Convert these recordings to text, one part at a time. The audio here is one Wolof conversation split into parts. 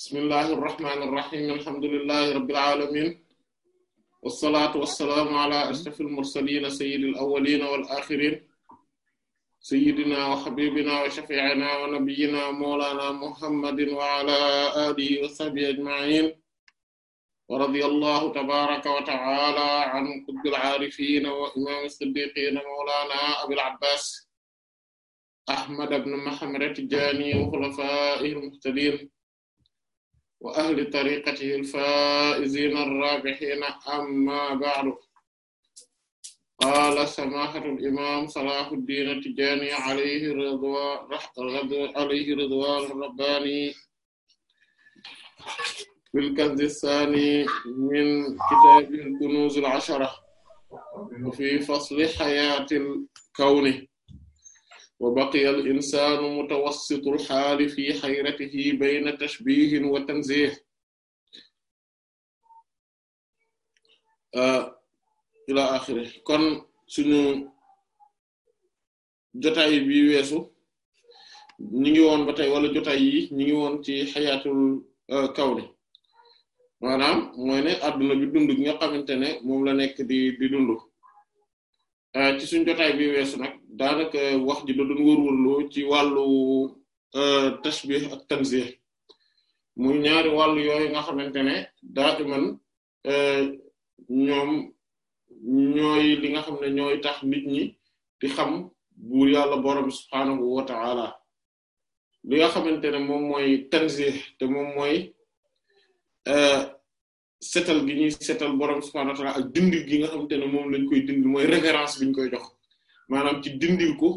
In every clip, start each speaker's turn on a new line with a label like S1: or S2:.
S1: bismillahi irrahmani irrahim alhamdulillahi rabbil alamin wassalaatu wassalaamu ala ashrafil mursalin sayyidil awwalin wal akhirin sayyidina wa habibina wa shafi'ina wa nabiyyina mawlana muhammadin wa ala alihi wa sahbihi ajma'in wa radiyallahu tabaraka wa ta'ala an qutbil aarifin wa imam as-siddiqin mawlana abil abbas ahmad ibn muhammad at-tijani wa khulafa'ihil muhtadin wa ahli tariqatihi al-faa'iziina ar-raabihiina amma ba'du qaala samaahatu al-imaam Salaahuddin at-Tijaani alayhi ridwaanu rabbaani fil kanzi as-saani min kitaabihi al-kunuuz al-ashara wa fii fasli hayaati al-kawni wa baqiya al insaanu mutawassitul xaali
S2: fi xayratihi bayna tashbihin wa tanzih ila axiri kon suñu jotaay bi weesu ñi ngi woon ba
S1: wala jotaay yi ñi ngi woon ci xayaatul euh, kawni maanaam mooy ne adduna bi dund gi nga xamante ne moom la nekk di di dund Euh, ci suñ jotaay bi weesu nag daanaka wax ji da doon wërwërlu ci wàllu euh, tashbih ak tanzih muy ñaari wàllu yooyu nga xamante ne daaiman euh, ñoom ñooy li nga xam ne ñooy tax nit ñi di xam buur yàlla borom subhaanahu wa ta'ala li nga xamante ne moom mooy tanzih te moom mooy setal gi ñuy setal borom subhaanahu wa ak dindi gi nga xamante ne moom lañ koy dindi mooy référence biñ koy jox maanaam ci dindil ko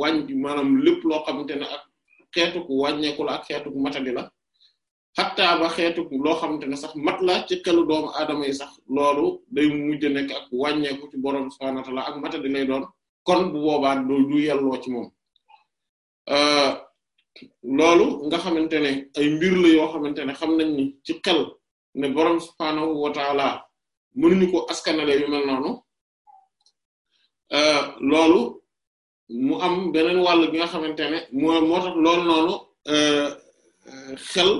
S1: wàññi maanaam lépp loo xamante ne ak xeetu ku wàññeeku la ak xeetu ku matadi la xattaa ba xeetu loo xamante ne sax mat la ci kelu doomu aadama yi sax loolu day mujj nekk ak wàññeeku ci borom subhaanahu wa ta'aala ak matadi lay doon kon bu boobaa du yelloo ci moom. Euh, loolu nga xamante ne ay mbir la yoo xamante ne xam nañ ni ci xel. ne borom subhaanahu wa taala mënuñu ko askanale yu mel noonu euh, loolu mu am beneen wàll bi nga xamante ne moo moo tax loolu euh, xel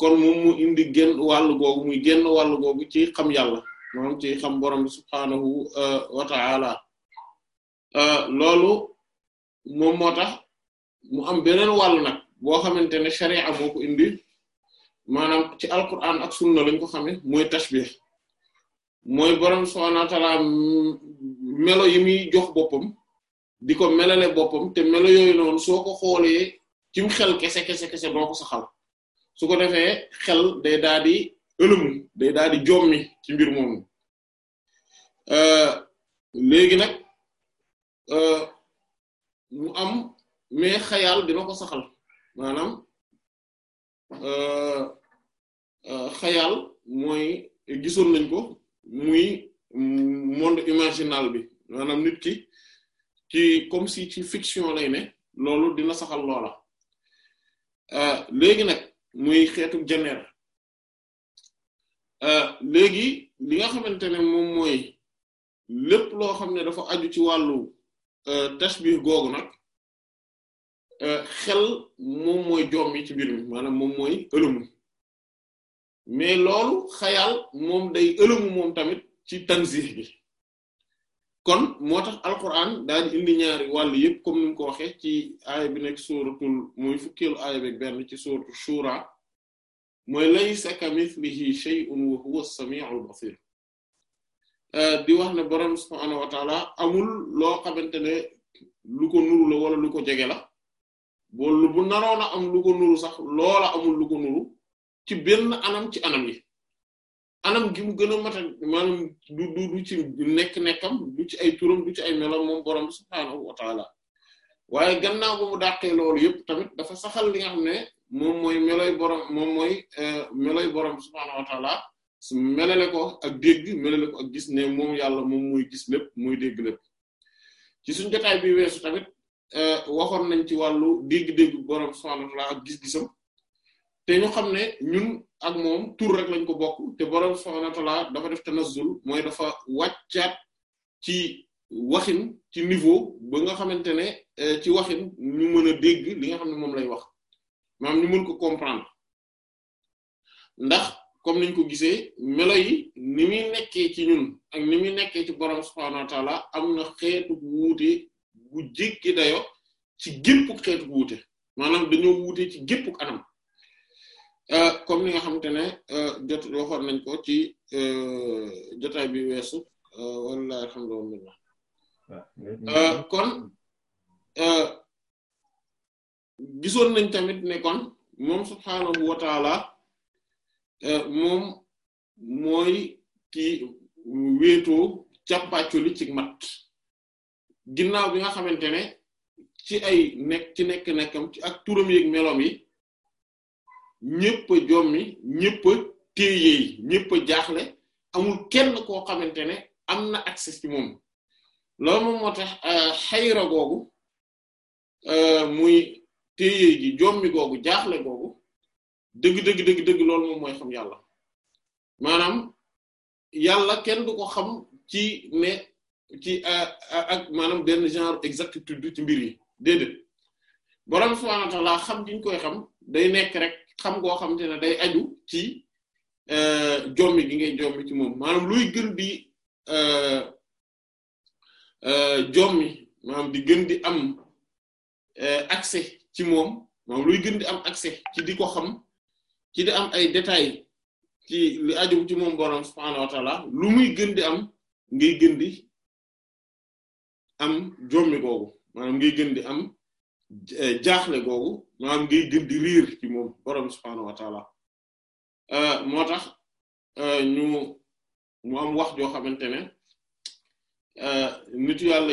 S1: kon moom mu indi genn wàll googu muy genn wàll googu ci xam yàlla moom ci xam borom subhaanahu euh, wa taala loolu moom moo tax mu am beneen wàll nag boo xamante ne sharia moo indi. maanaam ci alquran ak sunna lañ ko xame mooy tashbih mooy borom subhaanahu wa melo yi muy jox boppam di ko melale boppam te melo yooyu noonu soo ko xoolee cim xel kese kese kese doo ko saxal su ko defee xel day daal di day daal di jommi ci mbir moomu euh, léegi nag
S2: euh, mu am mais xayaal dina ko saxal maanaam. Euh, Euh, xayaal mooy
S1: gisoon nañ ko muy monde imaginal bi maanaam nit ki ci comme si ci fiction lay ne loolu dina saxal loola euh, léegi nag muy xeetu janeer euh, léegi li nga xamante ne moom mooy lépp loo xam ne dafa aju ci wàllu tashbih googu nag xel moom mooy joom yi ci mbir mi maanaam moom mooy ëlëmu mais loolu xayaal moom day ëlëmu moom tamit ci tanzih bi kon moo tax alquran daal di indi ñaari wàll yëpp comme ni mu ko waxee ci aaya bi nekk suratul mooy fukkeelu aaya bi benn ci suratu shura mooy laysa kamithlihi shay'un wa huwa as-sami'ul basir euh, di wax ne borom subhaanahu wa taala amul loo xamante ne luko ko nuru la wala lu ko jege la bu naroon a am lu nuru sax loola amul lu ko nuru ci benn anam ci anam yi anam gi mu gën a mat a maanaam du du ci nekk-nekkam du ci ay turam du ci ay melo moom borom subhaanahu wa taala waaye gannaaw ba mu dàqee loolu yëpp tamit dafa saxal li nga xam ne moom mooy meloy borom moom mooy euh, meloy borom subhaanahu wa su melale ko ak dégg melale ko ak gis ne moom yàlla moom mooy gis lépp mooy dégg lépp ci suñ jotaay bi weesu tamit euh, waxoon nañ ci wàllu dégg-dégg borom subhaanahu wa taala ak gis-gisam. te ñu xam ne ñun ak moom tour rek lañ ko bokk te borom subhaanahu wa ta'aala dafa def tanazzul mooy dafa wàccaat ci waxin ci niveau ba nga xamante ne eh, ci waxin ñu mën a dégg li nga xam ne moom lay wax maam ñu mën ko comprendre ndax comme niñ ko gisee melo yi ni muy nekkee ci ñun ak ni muy nekkee ci borom subhaanahu wa ta'aala am na xeetu wuute bu jéggi dayo ci gépp xeetu wuute maanaam dañoo wuute ci gépp anam. Euh, comme ni nga xamante ne euh, jot waxoon nañ ko ci euh, jotaay bi weesu wala alhamdulillah kon gisoon nañ tamit ne kon moom subhaanahu wa taala moom mooy ki wéetoo càppaccoli ci mat ginnaaw bi nga xamante ne ci ay nekk ci nekk nekkam ci ak turam yeeg melom yi ñëpp a jommi ñëpp a téye ñëpp jaaxle amul kenn koo xamante ne am na accès ci moom loolu moom moo tax euh, xayra googu euh, muy téye ji jommi googu jaaxle googu dëgg dëgg dëgg dëgg loolu moom mooy xam yàlla maanaam yàlla kenn du ko xam ci ne ci ak maanaam benn genre exactitude ci mbir yi déedéet borom subhaanahu wa xam gi ñu koy xam day nekk rek xam ngoo xamante ne day aju ci euh, jommi gi ngay jommi ci moom maanaam luy gën di euh, euh, jommi maanaam di gën di am accès ci moom maanaam luy gën di am accès ci diko xam ci di am ay détails ci li aju ci moom boroom subhaanahu wa ta'ala lu muy gën di am ngay gën di am jommi googu maanaam ngay gën di am Eh, jaaxle googu maanaam ngay gën di riir ci moom borom subhaanahu wa taala eh, tax eh, ñu mu am wax joo xamante ne nitu yàlla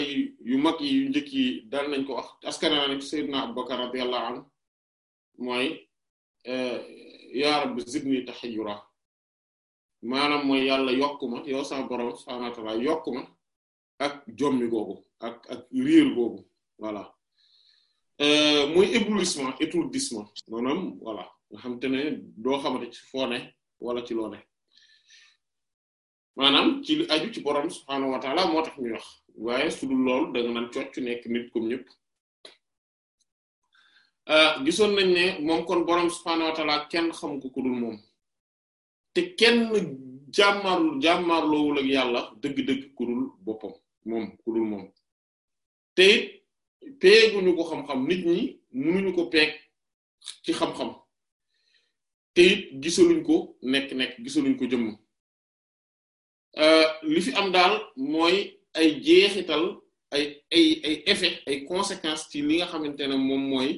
S1: yu mag yi yu njëkk yi daan nañ ko wax askanaa nag Seydina Abubakar radiyallahu anhu mooy yaa rabbi zidni tahayyura maanaam mooy yàlla yokk ma yow sa borom subhaanahu wa taala yokk ma ak jommi googu ak ak riir googu voilà Euh, muy éblouissement étourdissement maanaam voilà nga xam te ne doo xamante ci wala ci loo ne ci li aju ci borom subhaanahu wa taala moo tax ñuy wax waaye su dul loolu da nga nekk nit comme ñëpp euh, gisoon nañ ne moom kon borom subhaanahu wa taala kenn xamu ko dul moom te kenn jàmmaar jàmmaarloowul ak yàlla dëgg-dëgg ku dul boppam moom ku dul peeguñu ko xam-xam nit ñi mënuñu ko peeg ci xam-xam te it gisaluñ ko nekk-nekk gisaluñ ko jëmm euh, li fi am daal mooy ay jeexital ay ay ay effet ay conséquences ci li nga xamante ne moom mooy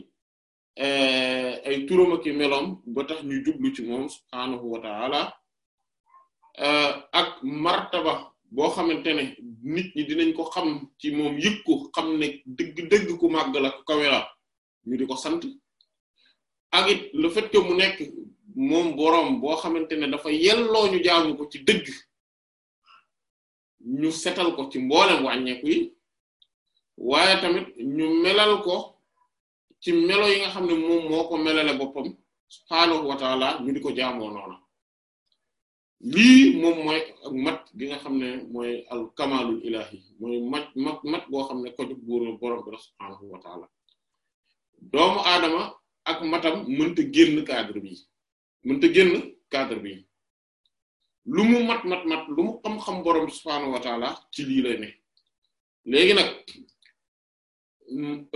S1: euh, ay turam ak meloom ba tax ñu jublu ci moom subhaanahu wa ta'ala euh, ak martaba boo xamante ne nit ñi dinañ ko xam ci moom yëg ko xam ne dëgg-dëgg ku màgg la ku ñu di ko sant ak it le fait mu nekk moom boroom boo xamante ne dafa yelloo ñu jaamu ko ci dëgg ñu setal ko ci mboolem wàññeeku yi waaye tamit ñu melal ko ci melo yi nga xam ne moom moo ko melale boppam subhaanahu wa ñu di ko jaamoo noona lii moom mooy ak mat gi nga xam ne mooy al kamalul ilahi mooy mat mat mat goo xam ne ko jóg buur borom bi subhaanahu doomu aadama ak matam mënta génn cadre bi mënta génn kadr bi lu mu mat mat mat lu mu xam-xam borom bi subhaanahu ci lii lay ne léegi nag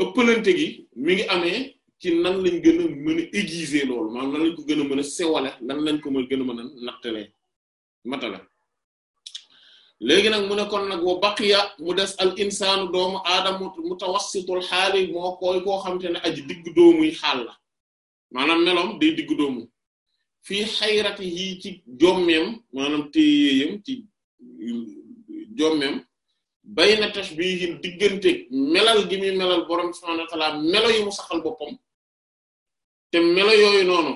S1: ëppalante gi mi ngi amee ci nan lañ gën a mën a aiguiser nan lañ ko gën a mën sewale nan lañ ko mën gën a mën a matala léegi nag mu ne kon nag wa baqiya mu des al insaanu doomu aadama mutawassitul xaali moo koy koo xamante ne aji digg doomuy xaal la maanaam meloom day diggu doomu fii xayrati yi ci jommeem maanaam téyeeyam ci jommeem bayna tashbihin diggante melal gi muy melal borom subhanahu wa ta'ala melo yi mu saxal boppam te melo yooyu noonu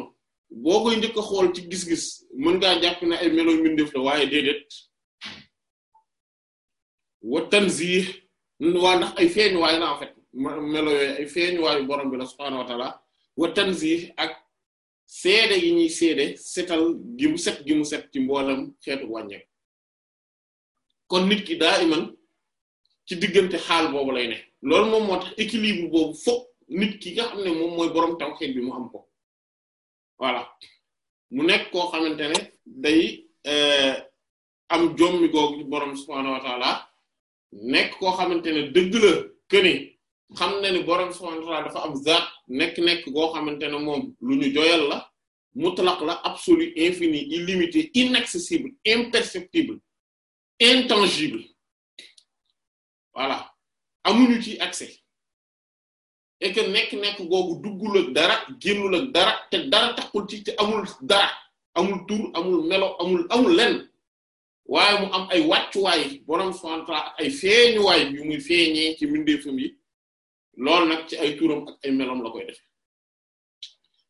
S1: boo koy njëkk a xool ci gis-gis mën ngaa jàpp ne ay melo mbindeef la waaye déedéet wa tanzih waa ay feeñ waay la en fait melo yooyu ay feeñ waayu borom bi la subhaanahu wa ta'ala wa ak seede yi ñuy seede setal gi set gi set ci mboolam xeetu wàññeek kon nit ki daa iman ci diggante xaal boobu lay ne loolu moom moo tax équilibre boobu fokk nit ki nga xam ne moom mooy borom tawhid bi mu am ko voilà mu nekk koo xamante ne day euh, am jommi googu borom subhaanahu wa nekk koo xamante ne dëgg la que xam na ni borom subhaanahu wa dafa am zaat nekk-nekk goo xamante ne moom lu ñu joyal la mutlaq la absolu infini illimité inaccessible
S2: imperceptible intangible voilà amuñu ci accès. et nekk-nekk googu duggul ak dara génnul
S1: dara te dara taxul ci te amul dara amul tur amul melo amul amul lenn waaye mu am ay wàccuwaay borom subhanahu wa ta'ala ak ay feeñuwaay yu muy feeñee ci mbindeefam yi loolu nag ci ay turam ak ay melom la koy def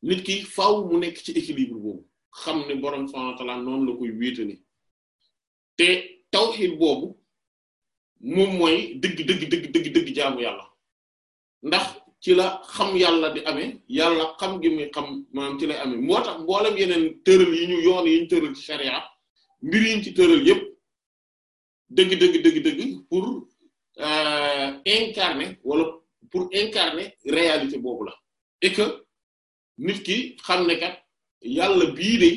S1: nit ki faw mu nekk ci équilibre boobu xam ne borom subhanahu wa ta'ala la koy wéetale te tawhid boobu moom mooy dëgg dëgg dëgg dëgg dëgg jaamu yàlla ndax. ci la xam yàlla di amee yàlla xam gi muy xam maanaam ci lay amee moo tax mboolem yeneen tëral yi ñu yoon yi ñu tëral ci sharia mbir yi ñu ci tëral yépp dëgg dëgg dëgg dëgg pour euh, incarner wala pour incarner réalité boobu la et nit ki xam ne kat yàlla bii de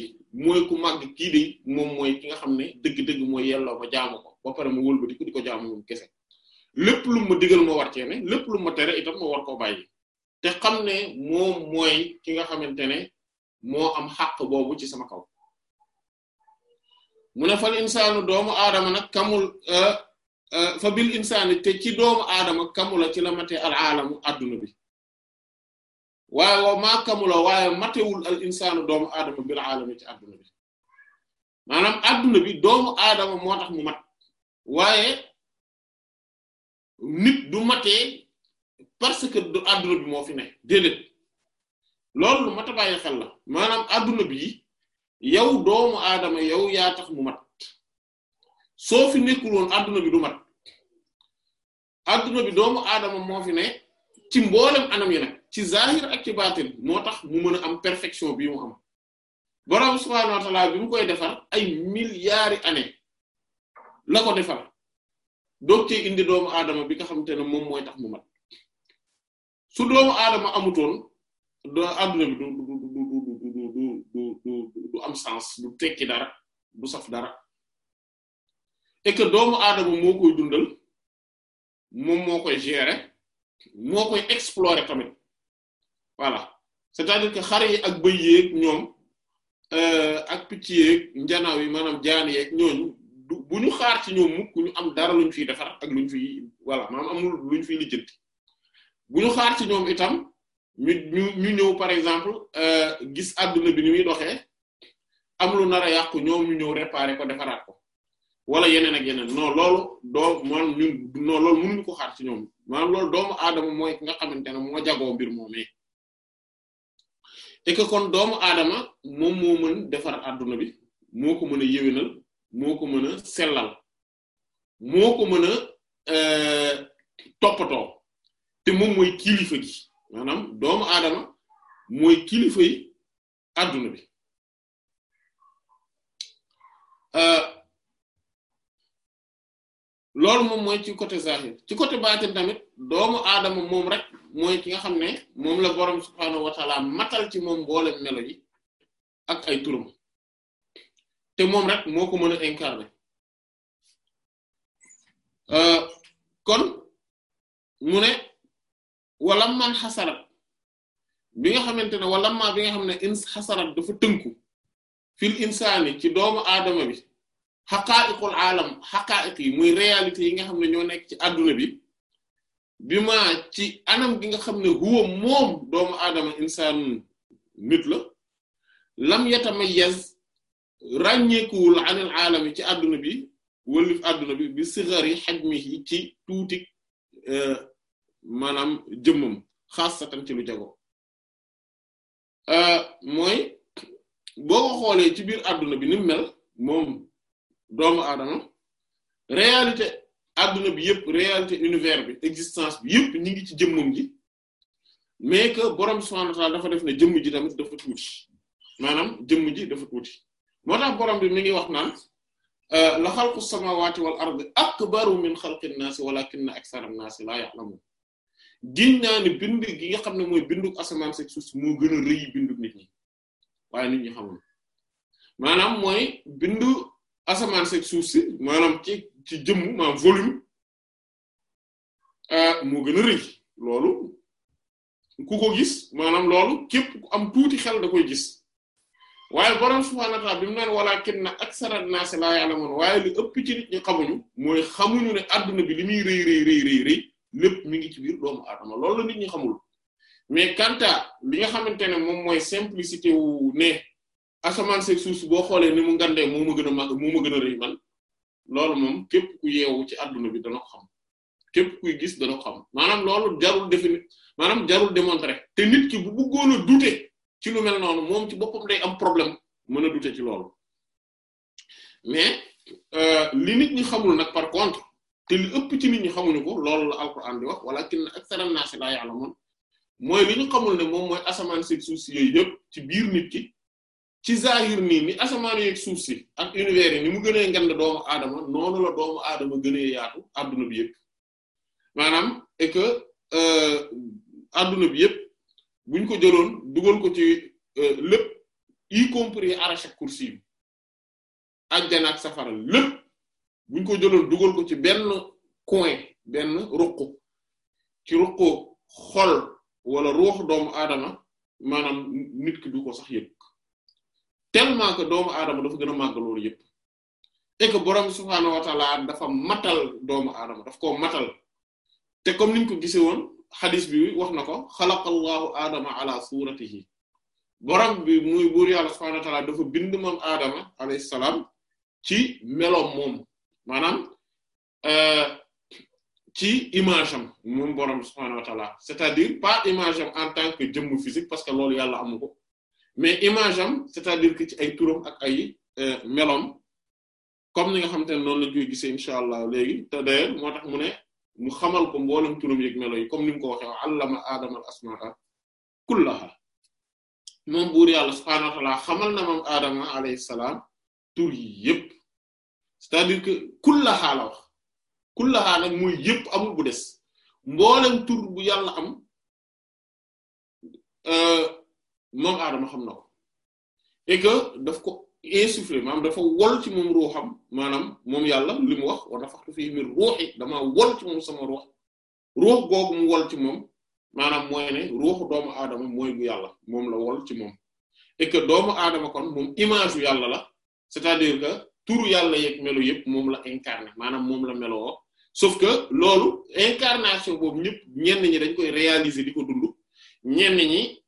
S1: mooy ku màgg kii de moom mooy ki nga xam ne dëgg-dëgg mooy yelloo ko jaamu ko ba pare mu wëlbati ko di ko jaamu moom kese. lépp lu ma digal ma war cee lépp lu ma tere itam ma war koo bàyyi te xam ne moo mooy ki nga xamante ne moo am xàq boobu ci sama kaw mu ne fal insaanu doomu aadama nag kamul euh, euh, fa bil insaani te ci doomu aadama kamula ci la mate al alamu adduna bi waaye wa kamula waaye matewul al insaanu doomu aadama bil alami ci adduna bi maanaam adduna bi doomu aadama moo tax mu mat waaye nit du matee parce que du adduna bi moo fi ne déedéet loolu lu mat bàyyi xel la maanaam adduna bi yow doomu aadama yow yaa tax mu mat soo fi nekkul woon adduna bi du mat adduna bi doomu aadama moo fi ne ci mboolem anam yi ci zahir ak moo tax mu mën a am perfection bi mu am borom subhaanahu bi mu koy defar ay milliards années la ko defar doog cee indi doomu aadama bi nga xamante ne moom mooy tax mu mat su doomu aadama amutoon do adduna bi du du du du du du du am sens du tekki dara du saf dara
S2: et que doomu aadama moo koy dundal moom moo koy gérer moo koy explorer tamit voilà c'est-à-dire que xar
S1: yi ak bëy yeeg ñoom ak picc yeeg njanaaw yi maanaam jaan yeeg ñooñu. bu ñu xaar ci ñoom mukk ñu am dara luñ fi defar ak luñ fi voilà maanaam amul luñ fiy lijjanti bu ñu xaar ci ñoom itam ñu ñu ñu ñëw par exemple euh, gis àdduna bi ni muy doxee am lu nar a yàqu ñoom ñu ñëw réparer ko defaraat ko wala yeneen ak yeneen non loolu doo man ñun non loolu ko xaar ci ñoom maanaam loolu doomu aadama mooy ki nga xamante ne moo jagoo mbir moomee et kon doomu aadama moom moo mën defar àdduna bi moo ko mën a yéwénal moo ko mën a sellal moo ko mëna a euh, te moom mooy kilifa gi maanaam doomu aadama mooy kilifa yi
S2: adduna bi euh, loolu moom mooy ci côté zahir ci côté baatin tamit
S1: doomu aadama moom rek mooy ki nga xam ne moom la boroom subhaanahu wa matal ci moom
S2: mboolem melo yi ak ay turam te moom rek moo ko mën a incarner euh, kon mu ne walam man xasarat bi nga xamante ne walam ma bi
S1: nga xam ne ins xasarat dafa tënku fil insaani ci doomu aadama bi xaqaa'iqul aalam xaqaa'iq yi muy réalité yi nga xam ne ñoo nekk ci adduna bi bi ma ci anam gi nga xam ne huwa moom doomu aadama insaanu nit la lam yatamayaz ràññeekuwul anil aalami ci àdduna bi wëlif àdduna bi bi sigari mi ci tuuti e, maanaam jëmmam xaasatan ci lu jago e, mooy boo xoolee ci biir àdduna bi nim mel moom doomu aadama réalité àdduna bi yëpp réalité univers bi existence bi yëpp ñu ngi ci jëmmam gi mais que borom subhanahu wa ta'ala dafa def ne jëmm ji tamit dafa tuuti maanaam jëmm ji dafa tuuti moo tax borom bi mi ngi wax naan euh, la xalqu samawati wal ardi akbaru min xalqi nnaasi walakinna aksara nnaasi laa ya'lamun giñ naa ne bind gi nga xam ne mooy bindug asamaan si suuf si moo gën a rëy bindug nit ñi
S2: waaye nit xamul maanaam mooy bindu asamaan si suuf maanaam ci ci jëmm maanaam euh,
S1: moo gën a rëy loolu ku ko gis maanaam loolu képp ku am tuuti xel da koy gis waaye borom subhaanahu wa ta'aala bi mu naan walaakinna aksara naasi laa ya'lamuun waaye li ëpp ci nit ñi xamuñu mooy xamuñu ne adduna bi li muy rëy rëy rëy rëy lépp mi ngi ci biir doomu aadama loolu la nit ñi xamul mais kanta li nga xamante ne moom mooy simplicité wu ne asamaan seeg suuf boo xoolee ni mu ngandee moo ma gën a mag moo ma gën a rëy man loolu moom képp ku yeewu ci adduna bi dana ko xam képp kuy gis dana xam maanaam loolu jarul définir maanaam jarul démontrer te nit ki bu bëggoon a douter ci lu mel noonu moom ci boppam day am problème mën a du douter ci loolu mais euh, li nit ñi xamul nag par contre te ëpp ci nit ñi xamuñu ko loolu la alquran di wax walakin akthara an-nas la ya'lamun mooy li ñu xamul ne moom mooy asamaan si suuf si yooyu yëpp ci biir nit ki ci zahir nii ni asamaan yeeg suuf si at univers yi ni mu gënee ngand doomu aadama noonu la doomu aadama gënee yaatu adduna bi yëpp maanaam et que euh, bi yëpp. buñ ko jëloon dugal ko ci euh, lépp y compris arsh ak kursi yi àjjana ak safara lépp buñ ko jëloon dugal ko ci benn coin benn ruq ci ruq xol wala ruux doomu aadama maanaam nit ki du ko sax yëpp tellement que doomu aadama dafa gën a màgg loolu yëpp et que borom subhaanahu wa dafa matal doomu aadama daf ko matal te comme niñ ko gisee woon xalis bi wax na ko xalaqallahu aadama ala suratihi borom bi muy buur yàlla subhanahu wa ta'ala dafa bind moom aadama alayhi salaam ci meloom moom maanaam euh, ci image am moom borom subhanahu wa c'est-à-dire pas image am en tant que jëmm physique parce que loolu yàlla amu ko mais image am c'est-à-dire que ci ay turom ak ay euh, meloom comme ni nga xamante ne noonu la ñuy gisee allah léegi te d'ailleurs moo tax mu ne mu xamal ko mboolem turam yeeg melo yi comme ni mu ko waxe wa allama aadama al asmaa kullaha moom buur yàlla subhaanahu wa xamal na moom aadama alayhi salaam tur yi yëpp dire que kullaha la wax kullaha nag mooy yëpp amul bu des mboolem tur bu yàlla am euh, moom aadama xam na ko et que ko insufflé maanaam dafa wol ci moom ruuxam maanaam moom yàlla li mu wax wa nafaxtu fii min ruuxi damaa wol ci moom sama ruux ruux googu wol ci moom maanaam mooy ne ruuxu doomu aadama mooy bu yàlla moom la wol ci moom et que doomu aadama kon moom image yu yàlla la c'est-à-dire que turu yàlla yeeg melo yëpp moom la incarné maanaam moom la meloo sauf que loolu incarnation boobu ñëpp ñenn ñi dañ koy réaliser di ko dund ñenn ñi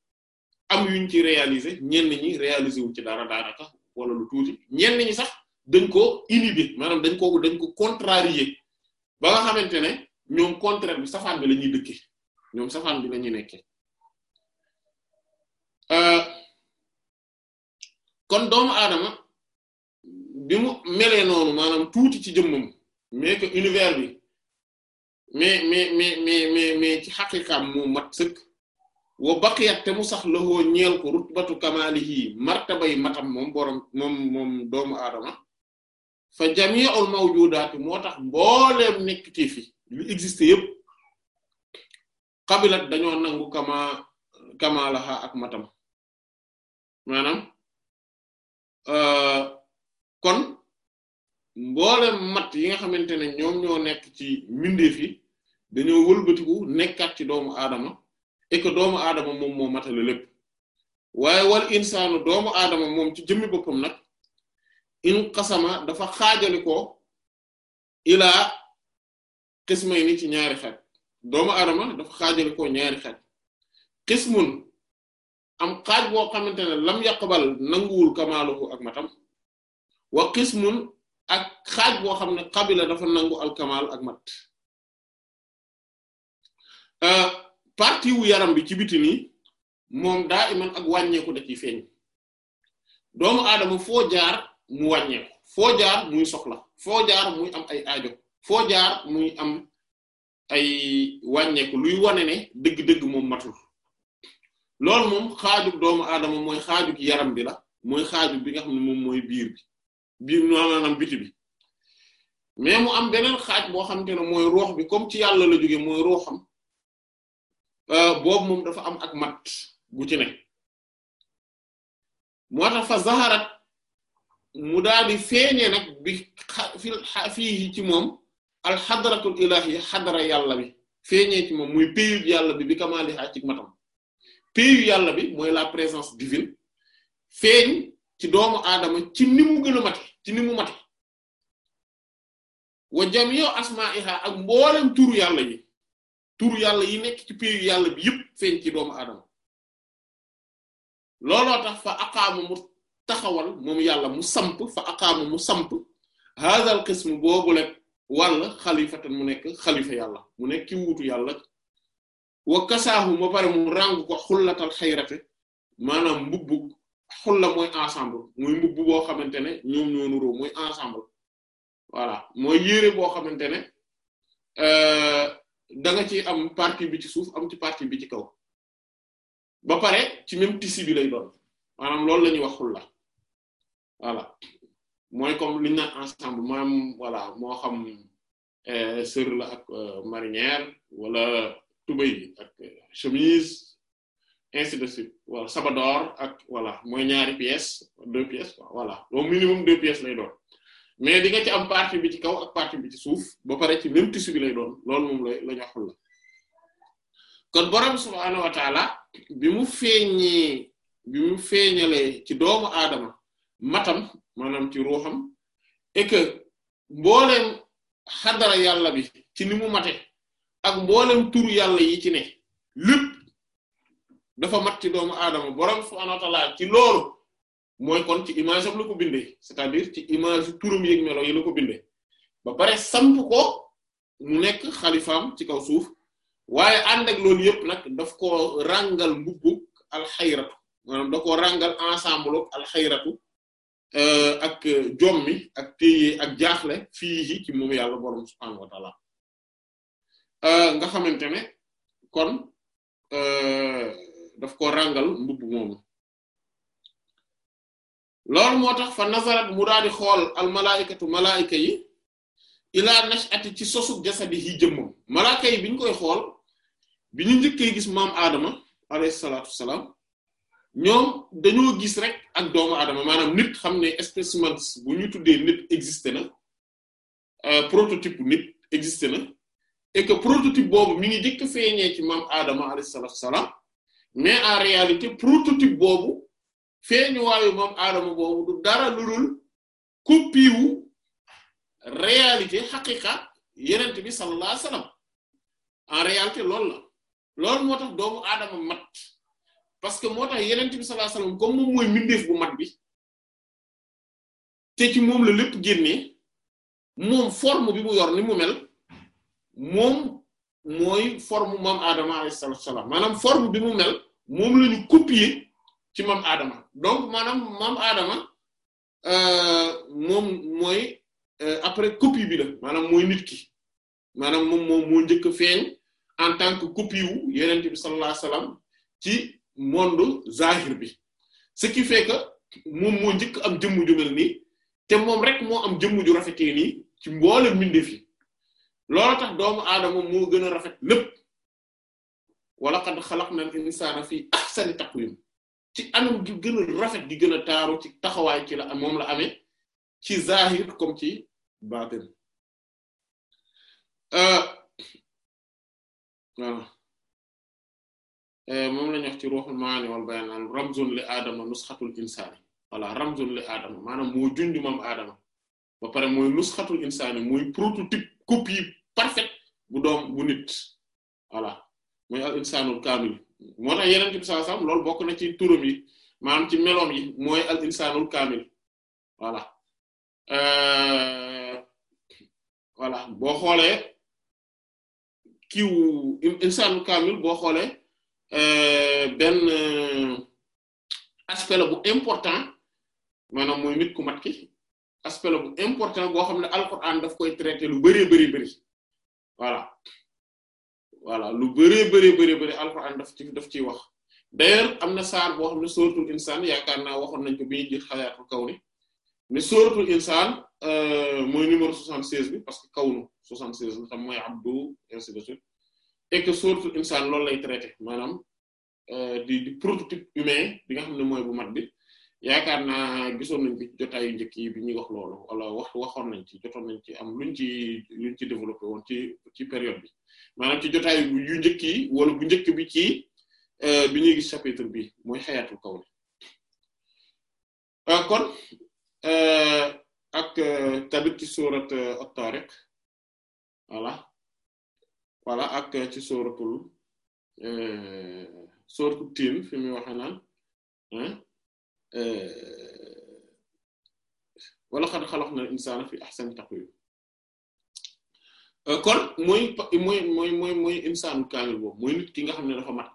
S1: am yuñ ci réaliser ñenn ñi réaliser wu ci dara daanaka wala lu tuuti ñenn ñi sax dañ ko bi maanaam dañ ko dañ ko contrarier ba nga xamante ne ñoom contraire bi safaan bi la
S2: ñuy dëkke ñoom safaan bi la ñuy nekkee euh, kon doomu aadama bi mu melee noonu maanaam tuuti ci jëmmam mais que univers bi mais mais mais mais
S1: mais mais ci xaqiqaam moo mat sëkk wa baqiyat te mu sax lahoo ñeel ko rutbatu kamalihi martabay ba moom borom moom moom doomu aadama fa jami'ul mawjudaati moo tax mbooleem nekk ci fi lu existe yëpp
S2: xabilat dañoo nangu kama kamalaha ak matam maanaam euh, kon
S1: mboolem mat yi nga xamante ne ñoom ñoo nekk ci mbindeef fi dañoo wëlbatiku nekkaat ci doomu aadama et doomu aadama moom moo matale lépp waaye wal insaanu doomu aadama moom ci jëmmi boppam nag in qasama dafa xaajali
S2: ko ilaa qismay ni ci ñaari xaaj doomu aadama dafa xaajali ko ñaari xaaj qismun am xaaj boo xamante
S1: ne lam yaqbal nanguwul kamaaluhu ak matam wa qismun ak xaaj boo xam ne qabila dafa nangu alkamaal ak mat euh, partie yaram bi ci biti nii moom daa iman ak wàññeeku da ciy feeñ doomu aadama foo jaar mu wàññeeku foo jaar muy soxla foo jaar muy am ay ajo foo jaar muy am ay wàññeeku luy wane ne dëgg-dëgg moom matul lool moom xaajug doomu aadama mooy xaajug yaram bi la mooy xaajug bi nga xam ne moom mooy biir bi biir maanaam biti bi mais mu am beneen xaaj boo xam te ne mooy roox bi comme ci yàlla la jóge mooy rooxam
S2: Euh, boobu moom dafa am ak mat gu ci ne moo tax fa zaharat mu daal di feeñee nag bi
S1: xa ci moom alxadratul ilahi xadara yàlla bi feeñee ci moom muy payu yàlla bi bi kamaali xaa ci matam payu yàlla bi mooy la présence divine feeñ ci doomu aadama ci ni mu gën a mate ci ni mu mate
S2: wa jami'u asma'iha ak mboolem turu yàlla yi tur yàlla yi nekk ci péeyu yàlla bi yëpp feeñ ci doomu aadama looloo
S1: tax fa aqaamu mu taxawal moom yàlla mu samp fa aqaamu mu samp haazal qism boobu lekk wàll xalifatan mu nekk xalifa yàlla mu nekk ki wuutu yàlla wa kasaahu ba pare mu ràng ko xullatal xayrate maanaam mbubbu xulla mooy ensemble mooy mbubbu boo xamante ne ñoom ñoo nuroo mooy ensemble voilà mooy yére boo xamante ne. Euh, da nga ci am partie bi ci suuf am ci partie bi ci kaw ba pare ci même tissu bi lay doon maanaam loolu la ñuy wax xulla voilà mooy comme li ñu naan ensemble maanaam voilà moo xam euh, sër la ak euh, marinière wala tubéy ak euh, chemise ainsi suite wala sabador ak voilà mooy ñaari pièces deux pièces quoi voilà au minimum deux pièces lay doon mais di nga ci am partie bi ci kaw ak partie bi ci suuf ba pare ci même tissu bi lay doon loolu moom la la ñu la kon borom subhaanahu wa taala bi mu feeñee bi mu feeñalee ci doomu aadama matam maanaam ci ruuxam et que mbooleem xadara yàlla bi ci ni mu mate ak mboolem tur yàlla yi ci ne dafa mat ci doomu aadama borom subhaanahu wa taala ci loolu. mooy kon ci image am la ko bindee c'est-à-dire ci image turam yeeg melo yi la ko bindee ba pare samp ko mu nekk xalifam ci kaw suuf waaye ànd ak loolu yëpp nag daf koo ràngal mbubbug alxayratu maanaam da koo ràngal ensemble alxayratu euh, ak jommi ak téye ak jaaxle fii ci moom yàlla borom subhaanahu wa taala euh, nga xamante ne kon euh, daf ko rangal mbubb moomu loolu moo tax fa nazarat mu daal xool al malaikatu malaika yi ilaa nash'ati ci sosu jasadi yi jëmmam malaaka yi bi ñu koy xool bi ñu njëkkee gis maam Adama alayhi salaatu wassalaam ñoom dañoo gis rek ak doomu Adama maanaam nit xam ne spécimen bu ñu tuddee nit existe na euh, prototype nit existe na et que boobu mu ngi jëkk feeñee ci maam Adama alayhi salaatu wassalaam mais en réalité prototype boobu feeñu waayu moom aadama boobu du dara lu dul copie wu réalité yenent bi sallallahu en réalité loolu la loolu moo tax doomu aadama mat parce que moo tax yenent bi sallallahu alayhi moom
S2: mooy mbindeef bu mat bi te ci moom la lépp génnee moom forme bi mu yor ni mu mel moom mooy forme
S1: moom aadama alayhi salaam maanaam forme bi mu mel moom la ñu ci maam Adama donc maanaam maam Adama euh, moom mooy euh, après copie bi la maanaam mooy nit ki maanaam moom moom moo njëkk a feeñ en tant que copie wu yonent bi sallallahu alayhi wasallam ci monde zahir bi ce qui fait que moom moo njëkk am jëmm ju mel nii te moom rek moo am jëmm ju rafetee nii ci mboolem mbindeef yi loolu tax doomu aadama moo gën a rafet lépp wa laqad xalaqnal insaana fi ahsani taqwiim ci anam gi gën
S2: rafet gi gën a taaru ci taxawaay ci la am moom la amee ci zahir comme ci baatin euh, voilà euh, moom la ñu ci ruuxul maani wal bayaan ramzun li aadama
S1: nusxatul insaani voilà ramzun li aadama maanaam moo junj moom aadama ba pare mooy nusxatul insaani mooy prototype copie parfaite bu doom bu nit voilà mooy al insaanul kaamil moo tax yeneen bi sax alayhi wasallam loolu bokk na ci turam yi maanaam ci
S2: meloom yi mooy al insanul kaamil voilà euh, voilà boo xoolee kiiw
S1: insanul kaamil boo xoolee euh, benn aspect la bu important maanaam mooy nit ku mat ki aspect bu important boo xam ne alquran daf koy traité lu bari bari bari voilà voilà lu bëree bëree bëri bëri alxuraan daf ci daf ciy wax d'ailleurs am na saar boo xam ne sóoratul insaan yaakaar naa waxoon nañ ko bi ñuy xayaatul kaw ni ne sóoratul insaan euh, mooy numéro 76 bi parce que kawnu 76 la tam mooy abdu ainsi de suite et que sóoratul insaan loolu lay traité maanaam euh, di di prototype humain bi nga xam ne mooy bu mat bi yaakaar naa gisoon nañ ko ci jotaayu njëkk yi bi ñuy wax loolu wala wax waxoon nañ ci jotoon nañ ci am luñ ci luñ ci développé woon ci ci période bi maanaam ci jotaay yu njëkk wala bu njëkk bi ci euh, bi ñuy gis chapitre bi mooy xayatul kawn euh, kon euh, ak tamit ci surat at-Tariq voilà ak ci suratul suratul Tin fi muy waxe naan wala xad xalaqna al insana fi ahsani taqwim Euh, kon mooy mooy mooy moy mooy insaanu kaamil boobu mooy nit ki nga xam ne dafa mat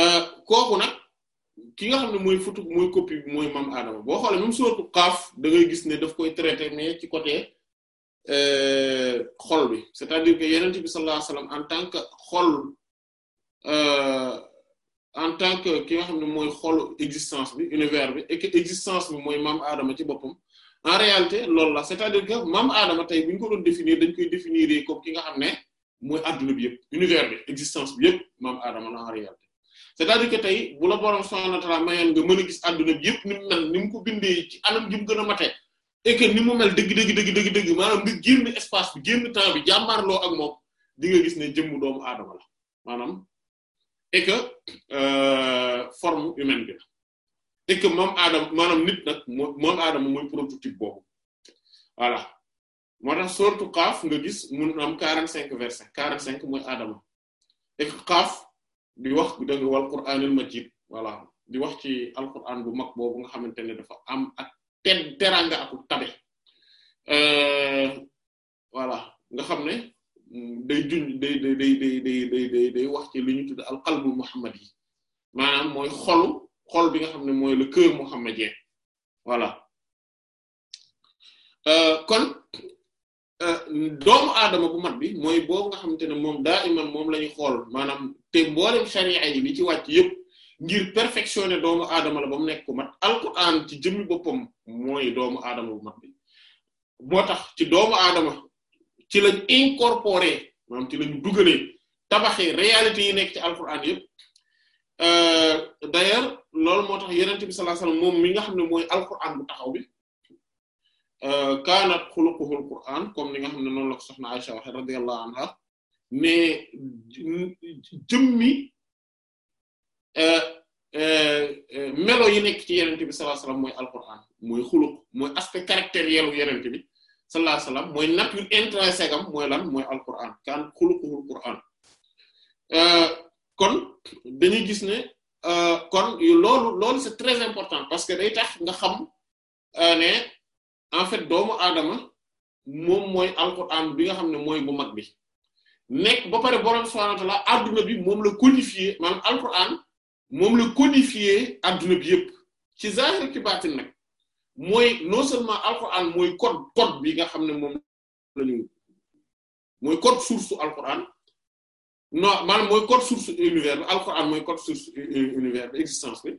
S1: euh, kooku nag ki nga xam ne mooy futu mooy copie bi mooy maam Adama boo xoolee mu sourate Qaaf da ngay gis ne daf koy traité mais ci côté euh, xool bi c'est-à-dire que yonent bi sallallahu alayhi en tant que xool xol en tant que ki nga xam ne mooy xoolu existence bi univers bi et que existence bi mooy maam Adama ci boppam. en réalité loolu la c'est-à-dire que maam Adama tey bu ko doon définir dañ koy définir comme ki nga xam ne mooy adduna bi yëpp univers bi existence bi yëpp maam Adama la en tey bu la borom subhaanahu nga mën a gis adduna bi yëpp ni mu mel ni mu ko anam gi mu gën a matee et que ni mu mel dégg dëgg dëgg dëgg dëgg maanaam nga génn espace bi génn temps bi jàmmaarloo ak moom di nga gis ne jëmm doomu Adama la maanaam et euh, forme humaine bi et que moom aadama maanaam nit nag moom aadama mooy prototype boobu voilà moo tax sourate Qaaf nga gis mun am 45 versets 45 mooy aadama et que Qaaf di wax da nga wal ma Majid voilà di wax ci alquran bu mag boobu nga xamante ne dafa am ak ten teranga ak tabe euh, voilà nga xam ne day juñ day day day day day day day wax ci li ñu tudd alqalbu muhammad yi xolu xool bi nga xam ne mooy la le cœur mohammédien voilà euh, kon euh, doomu aadama bu mat bi mooy boobu nga xamante ne moom daa iman moom la ñu xool maanaam te mboolem charia yi li ci wàcc yëpp ngir perfectionner doomu aadama la ba mu nekk ku mat alquran ci jëmmi boppam mooy doomu aadama bu mat bi moo tax ci doomu aadama ci lañ incorporer maanaam ci lañ dugalee tabaxee réalités yi nekk ci alquran yëpp Euh, d'ailleurs loolu moo tax yenen bi sallallahu moom mi nga xam ne mooy alquran bu taxaw bi euh, kaanat xuluquhul quran comme ni nga xam ne noonu la ko soxna Aisha waxe radiyallahu anha mais jëmmi euh, melo yi nekk ci yenen bi sallallahu alayhi wasallam mooy alquran mooy xuluq mooy aspect caractériel u yenente bi sallallahu alayhi wasallam mooy nature intrinsèque am lan mooy alquran kaan xuluquhul quran kon dañuy gis ne euh, kon loolu loolu c'est très important parce que day tax nga xam euh, ne en fait doomu aadama moom mooy alquran bi nga xam ne mooy bu mag bi nekk ba pare borom subhaanahu wa ta'aala adduna bi moom la codifié maanaam alquran moom la codifié adduna bi yëpp ci zahir ci baatin nag mooy non seulement alquran mooy code code bi nga xam ne moom la ñu mooy code source su alquran. non maanaam mooy code source univers bi alquran mooy code source univers bi existence bi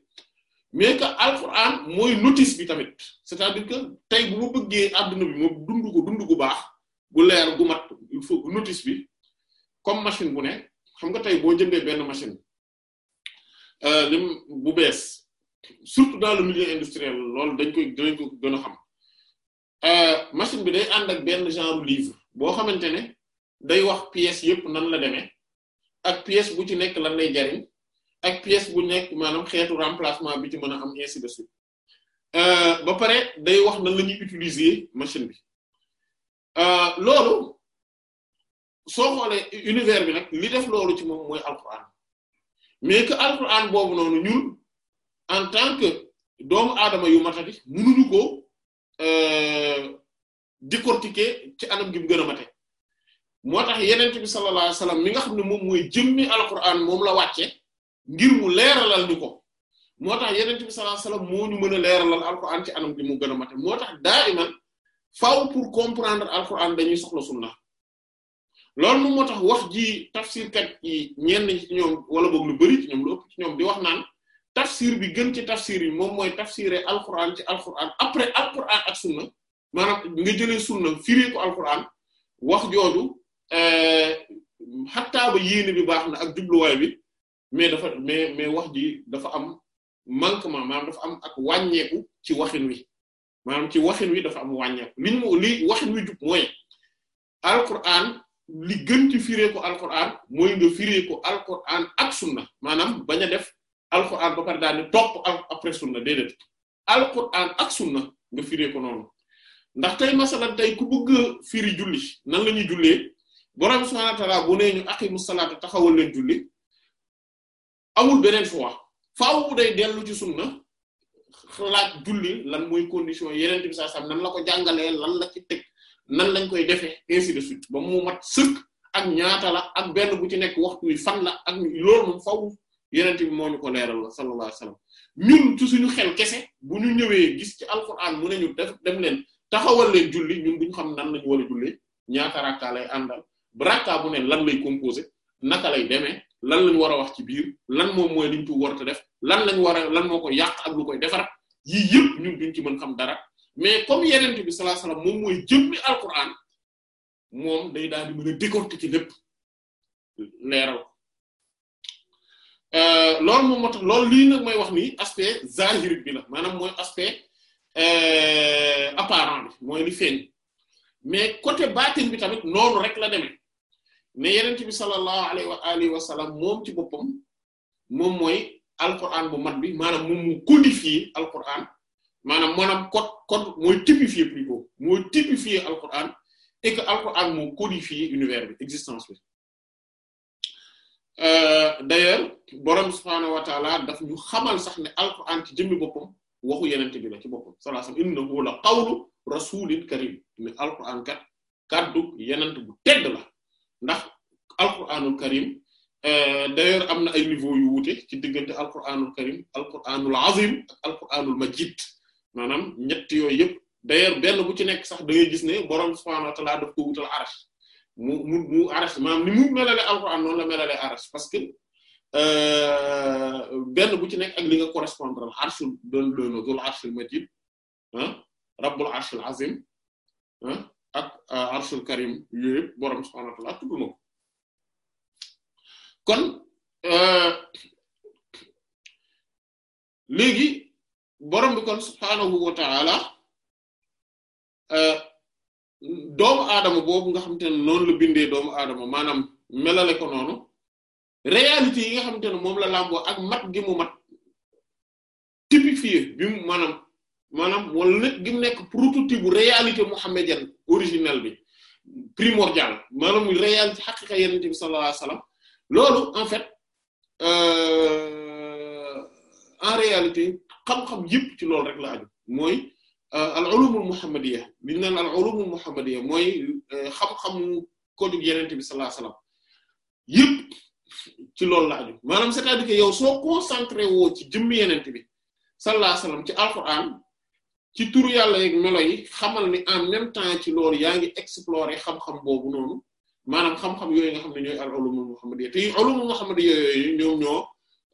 S1: mais que alquran mooy notice bi tamit c'est-à-dire que tey bu ma bëggee àdduna bi moom dund ko dund gu baax bu leer bu mat il faut bi comme machine bu ne xam nga tey boo jëndee benn machine lim euh, bu bees surtout daal le milieu industriel loolu dañ koy dañ ko gën a xam euh, machine bi day ànd ak benn genre livre boo xamante ne day wax pièce yëpp nan la demee ak pièce bu ci nekk lan lay jariñ ak pièce bu nekk maanaam xeetu remplacement bi ci mën a am ainsi de suite euh, ba pare day wax na la ñuy utiliser machine bi euh, loolu soo xoolee univers bi nag li def loolu ci moom mooy alquran mais que alquran boobu noonu ñun en tant que doomu aadama yu matati mënuñu ko euh, décortiquer ci anam gi mu gën moo tax yenent bi sallallahu alayhi wasallam mi nga xam ne moom mooy jëmmi alquran moom la wàcce ngir mu leeralal ñu ko moo tax yeneen bi sallallahu alayhi moo ñu mën a leeralal alquran ci anam gi mu gën a mate moo tax daa iman faaw pour comprendre alquran dañuy soxla sunna loolu moom moo tax wax ji tafsirkat yi ñenn ñi ci ñoom wala boog lu bëri ci ñoom ci ñoom di wax naan tafsir bi gën ci tafsir yi moom mooy tafsiré alquran ci alquran après at ak sunna maanaam nga jëlee sunna firi ko alquran wax jooju xattaa euh, ba yéene bi baax na ak jubluwaay bi mais dafa mais mais wax ji dafa am manquement maanaam dafa am ak wàññeeku ci waxin wi maanaam ci waxin wi dafa am wàññeeku liñ mu li waxin wi jub mooy alquran li gën ci firee ko alquran mooy nga firee ko alquran ak sunna maanaam bañ a def alquran ba pare daal ne topp après sunna déedéet alquran ak sunna nga firee ko noonu ndax tey masalan tey ku bëgg firi julli nan la ñuy jullee borom subhaanahu bu nee ñu aqimu salaata taxawal leen julli amul beneen choix faaw day dellu ci sunna xalaat julli lan mooy condition yeneen bi saa sam nan ko jàngalee lan la ci teg nan lañ koy defee ainsi ba mu mat sëkk ak ñaata la ak benn bu ci nekk waxtu wi fan la ak loolu moom faaw yeneen bi moo ñu ko leeral sallallahu alayhi wasallam ñun ci suñu xel kese bu ñu ñëwee gis ci alquran mu ne ñu def dem leen taxawal leen julli ñun buñ xam nan lañu war julli ñaata rakka lay àndal. ka bu ne lan lay composé naka lay demee lan lañ war a wax ci biir lan moom mooy liñ tu war a def lan lañ war a lan moo koy yàq ak lu koy defar yii yëpp ñun duñ ci mën xam dara mais comme yeneen bi sallallahu alayhi moom mooy jëmmi alquran moom day daal di mën a décortiquer ci lépp leeral euh, loolu moom moo tax lii nag may wax nii aspect zahir bi la maanaam mooy aspect euh, apparent bi mooy li feeñ mais côté baatin bi tamit noonu rek la deme ne yenent bi sallallahu alayhi wa alihi wa sallam moom ci boppam moom mooy alquran bu mat bi maanaam moom mu codifier alquran maanaam maanaam code code mooy typifier plutôt mooy typifier alquran et que alquran moo codifier univers bi existence bi euh, d'ailleurs borom subhaanahu wa taala daf ñu xamal sax ne alquran ci jëmmi boppam waxu yenent bi la ci boppam sallallahu alayhi wa sallam innahu la qawlu rasulin karim mais alquran kat kaddu yenent bu tedd la ndax alquranul karim euh, d'ailleurs am na ay niveau yu wuute ci diggante alquranul karim alquranul azim ak alquranul majid maanaam ñetti yooyu yëpp d'ailleurs benn bu ci nekk sax da ngay gis ne borom subhaanahu wa ta'aala daf ko wutal arash mu mu mu arash maanaam ni mu la melalee arash parce que euh, benn bu ci nekk ak li nga correspondre al arshul doon doon zul arshil majid ah rabbul arshil azim ah
S2: ak euh, arshul karim yooyu yëpp borom subhaanahu wa kon euh, léegi borom bi kon subhaanahu wa ta'aala euh,
S1: doomu aadama boobu nga xamante ne noonu la bindee doomu aadama maanaam melale ko noonu réalité yi nga xamante ne moom la làmboo ak mat gi mat typifié bi mu maanaam. maanaam wala nit gi mu nekk prototype bu réalité mohammedienne originelle bi primordial maanaam réalité xaqiqa yenente bi sallallahu alayhi wasallam loolu en fait euh, en réalité xam-xam yëpp ci loolu rek la aju mooy euh, al ulumul li ñu mooy euh, xam-xamu ko jug yenente bi sallallahu ci loolu la maanaam c'est-à-dire yow soo concentré wo ci jëmmi yenente bi sallallahu alayhi wasallam ci alquran ci turu yàlla yeeg melo yi xamal ni en même temps ci loolu yaa ngi explorer xam-xam boobu noonu maanaam xam-xam yooyu nga xam ne ñooy al ulumul muhammadiyya a ulumul muhammadiyya yooyu ñoom ñoo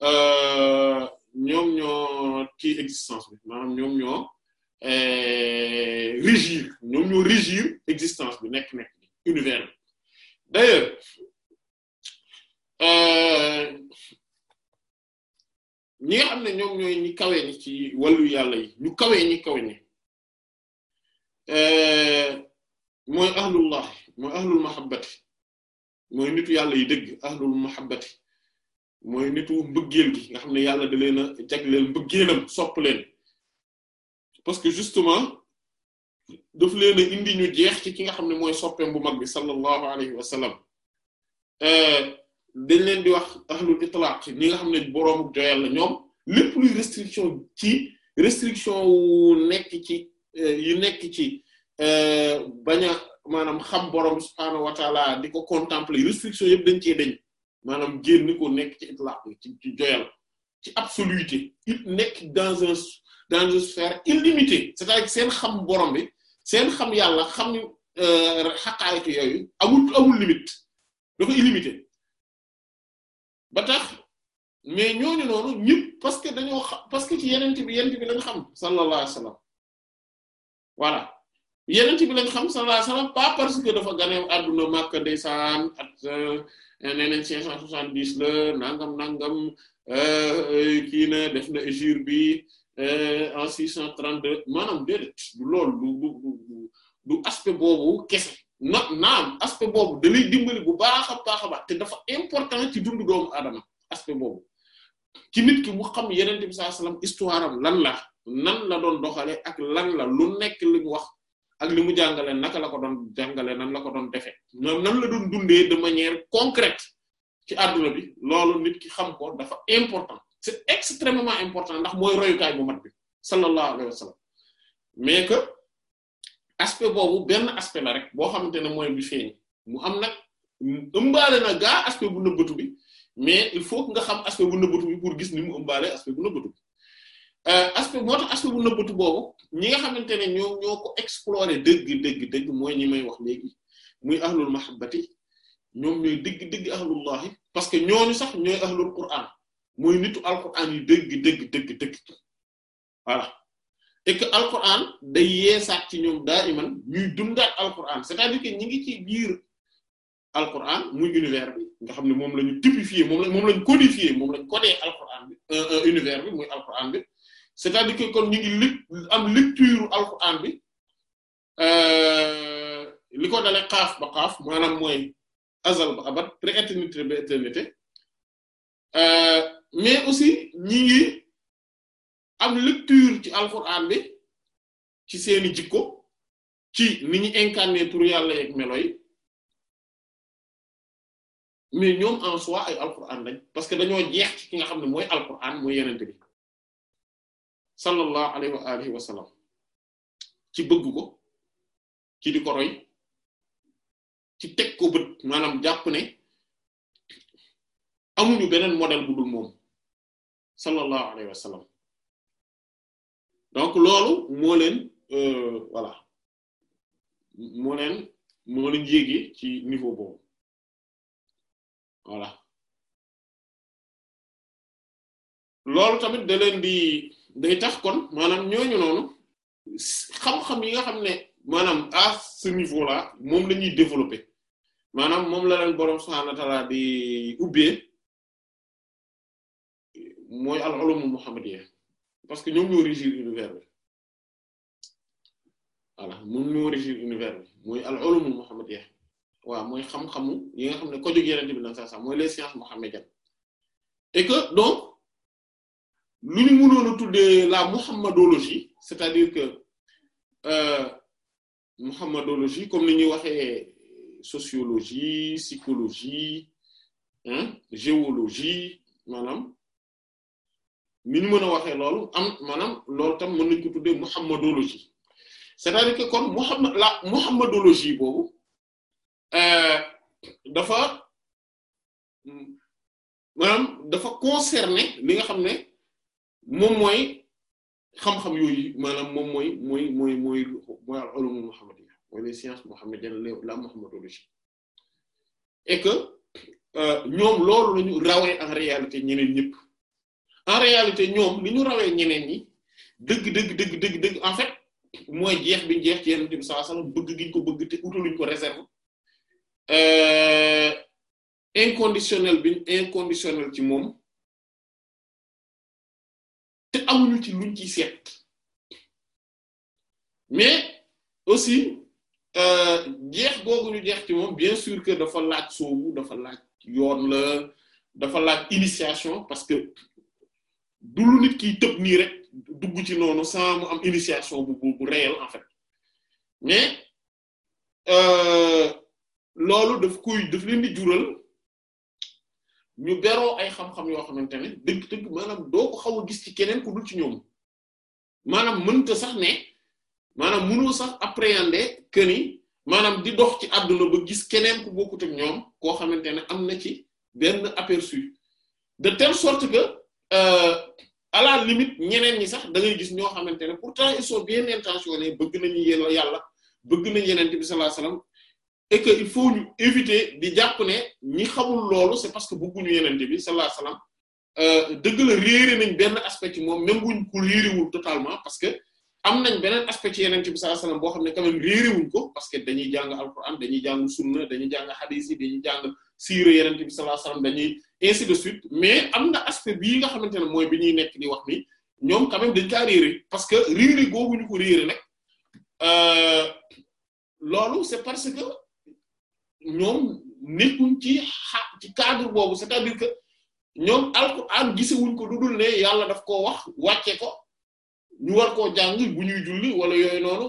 S1: euh, ñoom ñoo kii existence bi maanaam ñoom ñoo euh, régir ñoom ñoo régir existence bi nekk nekk univers bi d'ailleurs euh, ñi nga xam ne ñoom ñooy ñi kawe ci wàllu yàlla yi ñu kawe ñi kawe ñi eh, mooy ahlullah mooy ahlul mahabbati mooy nitu yàlla yi dëgg ahlul mahabbati mooy nitu mbëggeel gi nga xam ne yàlla da leen a jagleel mbëggeelam sopp leen parce que justement daf leen a indi ñu jeex ci ki nga xam ne mooy soppeem bu mag bi sallallahu alayhi wa sallam eh, dañ leen di wax ahlul itlaq ñi nga xam ne boroomu joyal la ñoom lépp luy restriction ci restriction wu nekk ci euh, yu nekk ci euh, bañ a maanaam xam borom subhaanahu wa taala di ko contempler restriction yëpp dañ ci dañ maanaam génn ko nekk ci itlaq ci ci joyal ci absoluité il nekk dans un dans une sphère illimitée c'est-à-dire seen xam borom bi seen xam yàlla xam euh, xaqaayatu yooyu amul amul limite dafa illimité
S2: ba tax mais ñooñu noonu ñëpp parce que dañoo xam parce que ci yenent bi yenent bi lañ xam sallallahu alayhi wasallam voilà yenent bi lañ xam sallallahu
S1: alayhi wasallam pas parce que dafa gane àdduna Makka ndeysaan at neneen euh, cinq cent soixante-dix la nangam euh, kii na def na hégire bi euh, en six cent trente-deux maanaam déedéet du loolu du du du aspect boobu kese not naam aspect boobu da dimbali bu baax a baax a baax te dafa important ci dundu doomu aadama aspect boobu ci nit ki mu xam yeneen bi sallallahu alayhi wasallam histoire am lan la nan la doon doxale ak lan la lu nekk li mu wax ak li mu jàngale naka la ko doon jàngale nan la ko doon defee nan la doon dundee de manière concrète ci àdduna bi loolu nit ki xam ko dafa important c'est extrêmement important ndax mooy royukaay bu mat bi sallallahu alayhi wasallam mais aspect boobu benn aspect la rek boo xamante ne mooy bi feeñ mu am nag ëmbaale na gaa aspect bu nëbbatu bi mais il faut nga xam aspect bu nëbbatu bi pour gis ni mu ëmbaale aspect bu nëbbatu bi euh, aspect moo tax aspect bu nëbbatu boobu ñi nga xamante ne ñoo ñoo ko explorer dëgg dëgg dëgg mooy ñi may wax léegi muy ahlul mahabbati ñoom ñooy dëgg dëgg ahlullahi parce que ñooñu sax ñooy ahlul qur'an mooy nitu alquran yi dëgg dëgg dëgg dëgg voilà et que Alquran day yeesaat ci ñoom daa iman ñuy dundaat Alquran c'est-à-dire que ngi ci biir Alquran muy univers bi nga xam ne moom la ñu typifié moom la moom la ñu moom la ñu codé Alquran bi univers bi muy Alquran bi c'est-à-dire que kon ñu li am lecture Alquran bi euh, li ko dalee xaaf ba xaaf maanaam mooy azal ba abat prééternité ba
S2: euh, aussi ñi am lecture ci alxuraan bi ci seeni jikko ci ni ñu incarné tur yàlla yeeg melo ñoom en soi ay alxuraan lañ parce que dañoo jeex ci ki nga xam ne mooy alxuraan mooy yenente bi sallallahu alayhi wa ci bëgg ci di ci teg ko bët maanaam jàpp ne amuñu beneen modèle bu dul moom sallallahu alayhi wa donc loolu moo leen euh, voilà moo leen moo leen yéegee ci niveau boobu voilà loolu tamit da leen di day tax kon maanaam ñooñu noonu xam-xam yi nga xam ne maanaam à ce
S1: niveau là moom la ñuy développer maanaam moom la leen boroom subhaanahu wa ta'aala di ubbee
S2: mooy al-ulum muhammadiyya parce que ñoom ñoo régir univers bi voilà moom ñoo régir univers bi
S1: mooy al ulumul muhammadiyya waaw mooy xam-xamu yi nga xam ne ko jóg yeneen bi na sa sax mooy les sciences mohammediennes et que donc lu ñu mënoon a la mohammadologie c'est-à-dire que euh, mohammadologie comme ni ñuy waxee sociologie psychologie hein géologie maanaam ni ñu mën a waxee loolu am maanaam lool tam mën nañu ko tuddee muhammadologie c'est-à-dire que kon muhammad la muhammadologie
S2: boobu euh, dafa maanaam dafa concerné li nga xam ne moom mooy
S1: xam-xam yooyu maanaam moom mooy mooy mooy mooy mooy ulumul muhammadiyya mooy les sciences muhammadiennes la muhammadologie et que euh, ñoom loolu lañu rawee en réalité ñeneen ñëpp en réalité ñoom li ñu rawee ñeneen ñi dëgg dëgg dëgg dëgg dëgg en mooy jeex bi jeex ci yenente bi sallallahu bëgg gi ñu ko bëgg
S2: te utaluñ ko réserve euh, inconditionnel biñ inconditionnel ci moom te amuñu ci luñ ci seet mais aussi euh,
S1: jeex googu ñu jeex ci moom bien sûr que dafa laaj soobu dafa laaj yoon la dafa laaj initiation parce que du lu nit ki tëb nii rek dugg ci noonu sans mu am initiation bu bu bu réel en fait mais euh, loolu daf koy daf leen di jural ñu beroo ay xam-xam yoo xamante ne dëgg-dëgg maanaam doo ko xaw a gis ci keneen ku dul ci ñoom maanaam mënta sax ne maanaam mënoo sax appréhender que maanaam di dox ci àdduna ba gis keneen ku bokkut ak ñoom koo xamante ne am na ci benn aperçu de telle sorte que. Euh, à la limite ñeneen ñi sax da ngay gis ñoo xamante ne pourtant ils sont bien intentionnés bëgg nañu yéen yàlla bëgg na yeneen bi sallallahu alayhi wasallam et faut ñu éviter di jàpp ne ñi xamul loolu c'est parce que bëgguñu yeneen bi sallallahu alayhi wasallam euh, dëgg la réere nañ benn aspect ci moom même buñ ko réerewul totalement parce que am nañ beneen aspect ci yeneen bi sallallahu alayhi wasallam boo xam ne quand même ko parce que dañuy jàng alquran dañuy jàng sunna dañuy jàng hadith yi dañuy jàng siira yeneen bi sallallahu alayhi wasallam ainsi de suite mais am na aspect bii nga xamante ne mooy bi ñuy nekk di wax ni ñoom quand même dañ kaa réere parce que réere googu ñu ko réere nag euh, loolu c'est parce que ñoom nekkuñ ci xa ci cadre boobu c'est-à-dire que ñoom alxuraan gisewuñ ko dudul ne yàlla daf koo wax wàcce ko ñu war koo jàng bu ñuy julli wala yooyu noonu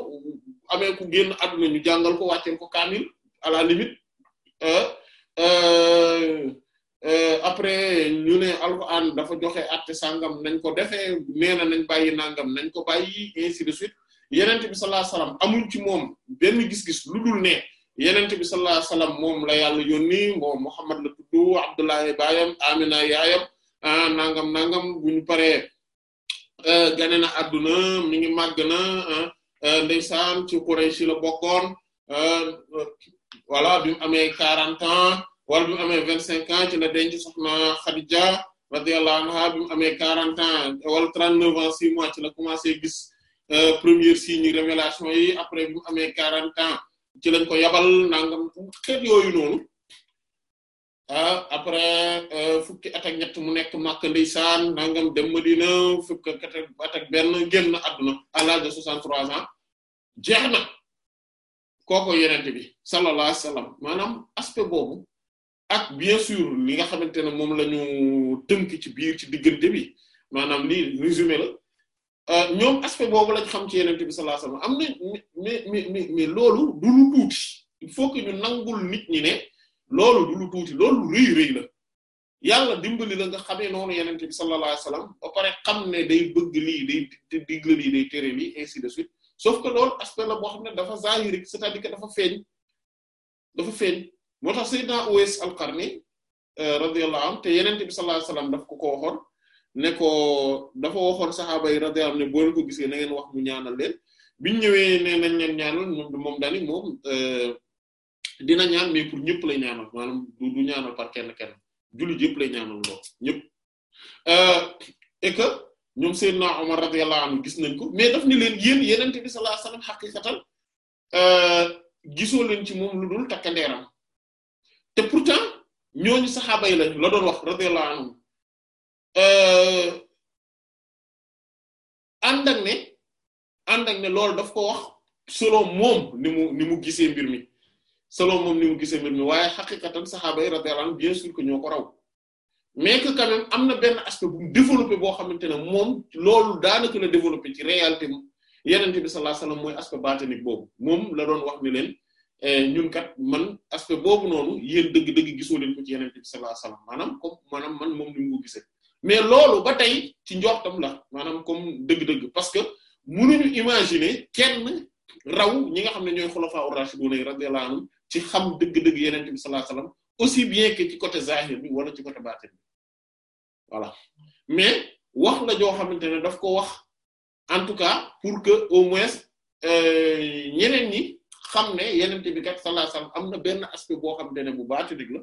S1: amee ku génn àdduna ñu jàngal ko wàcceel ko kaamil à la limite euh, euh, Euh, après ñu ne alxuraan dafa joxe atte sangam nañ ko defee nee na nañ bàyyi nangam nañ ko bàyyi ainsi de suite yenente bi sallallahu alayhi wasallam amuñ ci moom benn gis-gis lu dul ne yenente bi sallallahu alayhi moom la yàlla yónni moom Muhammad la tuddu Abdullahi baayam Amina yaayam ah, nangam nangam bu ñu paree euh, gane na adduna mi ngi màgg na ah, euh, ndeysaan ci Quraysh la bokkoon voilà bi mu amee quarante ans wala bi amee vingt cinq ans ci la denc soxna Khadija radiyallahu anha bi amee quarante ans wal trente neuf ans six mois ci la commencé gis euh, première signe révélation yi après bi mu amee quarante ans ci lañ ko yabal nangam xeet yooyu noonu ah euh, fukki at ñett mu nekk Makka ndeysaan nangam dem Madina fukki at ak benn génn àdduna à l'âge de soixante trois ans jeex na kooku bi sallallahu alayhi wasallam aspect boobu ak bien sûr li nga xamante ne moom lañu ñu ci biir ci diggante bi maanaam lii résumé la euh, ñoom aspect boobu lañ xam ci yenente bi sallallahu alayhi wasallam am na mi mi mais mais loolu du lu tuuti il faut que ñu nangul nit ñi ne loolu du lu tuuti loolu rëy rëy la yalla dimbali la nga xamee noonu yeneen bi sallallahu alayhi wasallam ba pare xam ne day bëgg lii day digle lii day tere lii ainsi de suite sauf que loolu aspect la boo xam ne dafa zahirik c'est-à-dire que dafa feeñ dafa feeñ moo tax Seydina Uwais al-Qarni euh, radiyallahu te yenente bi sallallahu alayhi wasallam daf ko ko waxoon ne ko dafa waxoon saxaaba yi radiyallahu am ne boo leen ko gisee na ngeen wax mu ñaanal leen biñ ñëwee ne nañ leen ñaanal moom dani moom euh, dina ñaan mais pour ñëpp lay ñaanal maanaam du ñaanal par kenn kenn lay ñaanal lool ñëpp euh, que ñoom Seydina Omar radiyallahu anhu gis nañ ko mais daf ni leen yéen yenente bi sallallahu alayhi wasallam xaqiqatan gisoo
S2: leen ci moom lu dul takkandeeram te pourtant ñooñu saxaaba yi la la doon wax radiyallahu anhum euh, ànd ak ne ànd ak ne loolu daf ko wax selon moom ni mu ni mu gisee mbir mi
S1: selon moom ni mu gisee mbir mi waaye xaqiqatan saxaaba yi radiyallahu anhum bien sûr que ñoo raw mais que quand même am na benn aspect bu développé boo xamante ne moom loolu daanaka la développé ci réalité yenente bi sallallahu alayhi wasallam mooy aspect bâtinique boobu moom la doon wax ni leen Eh, ñun kat man aspect boobu noonu yéen dëgg-dëgg gisoo leen ko ci yeneen bi sallallahu alayhi wasallam maanaam comme maanaam man moom ni mu ko gisee mais loolu ba tey ci njortam la maanaam comme dëgg-dëgg parce que mënuñu imaginer kenn raw ñi nga xam ne ñooy xulafaa ar-rashidun radiyallahu anhum ci xam dëgg-dëgg yeneen bi sallallahu alayhi aussi bien que ci côté zahir bi wala ci côté batin bi voilà mais wax na joo xamante ne daf ko wax en tout cas pour que au moins euh, ñeneen ñi. xam ne yenente bi kat sallallahu alayhi am na benn aspect boo xamante ne bu baati dëgg la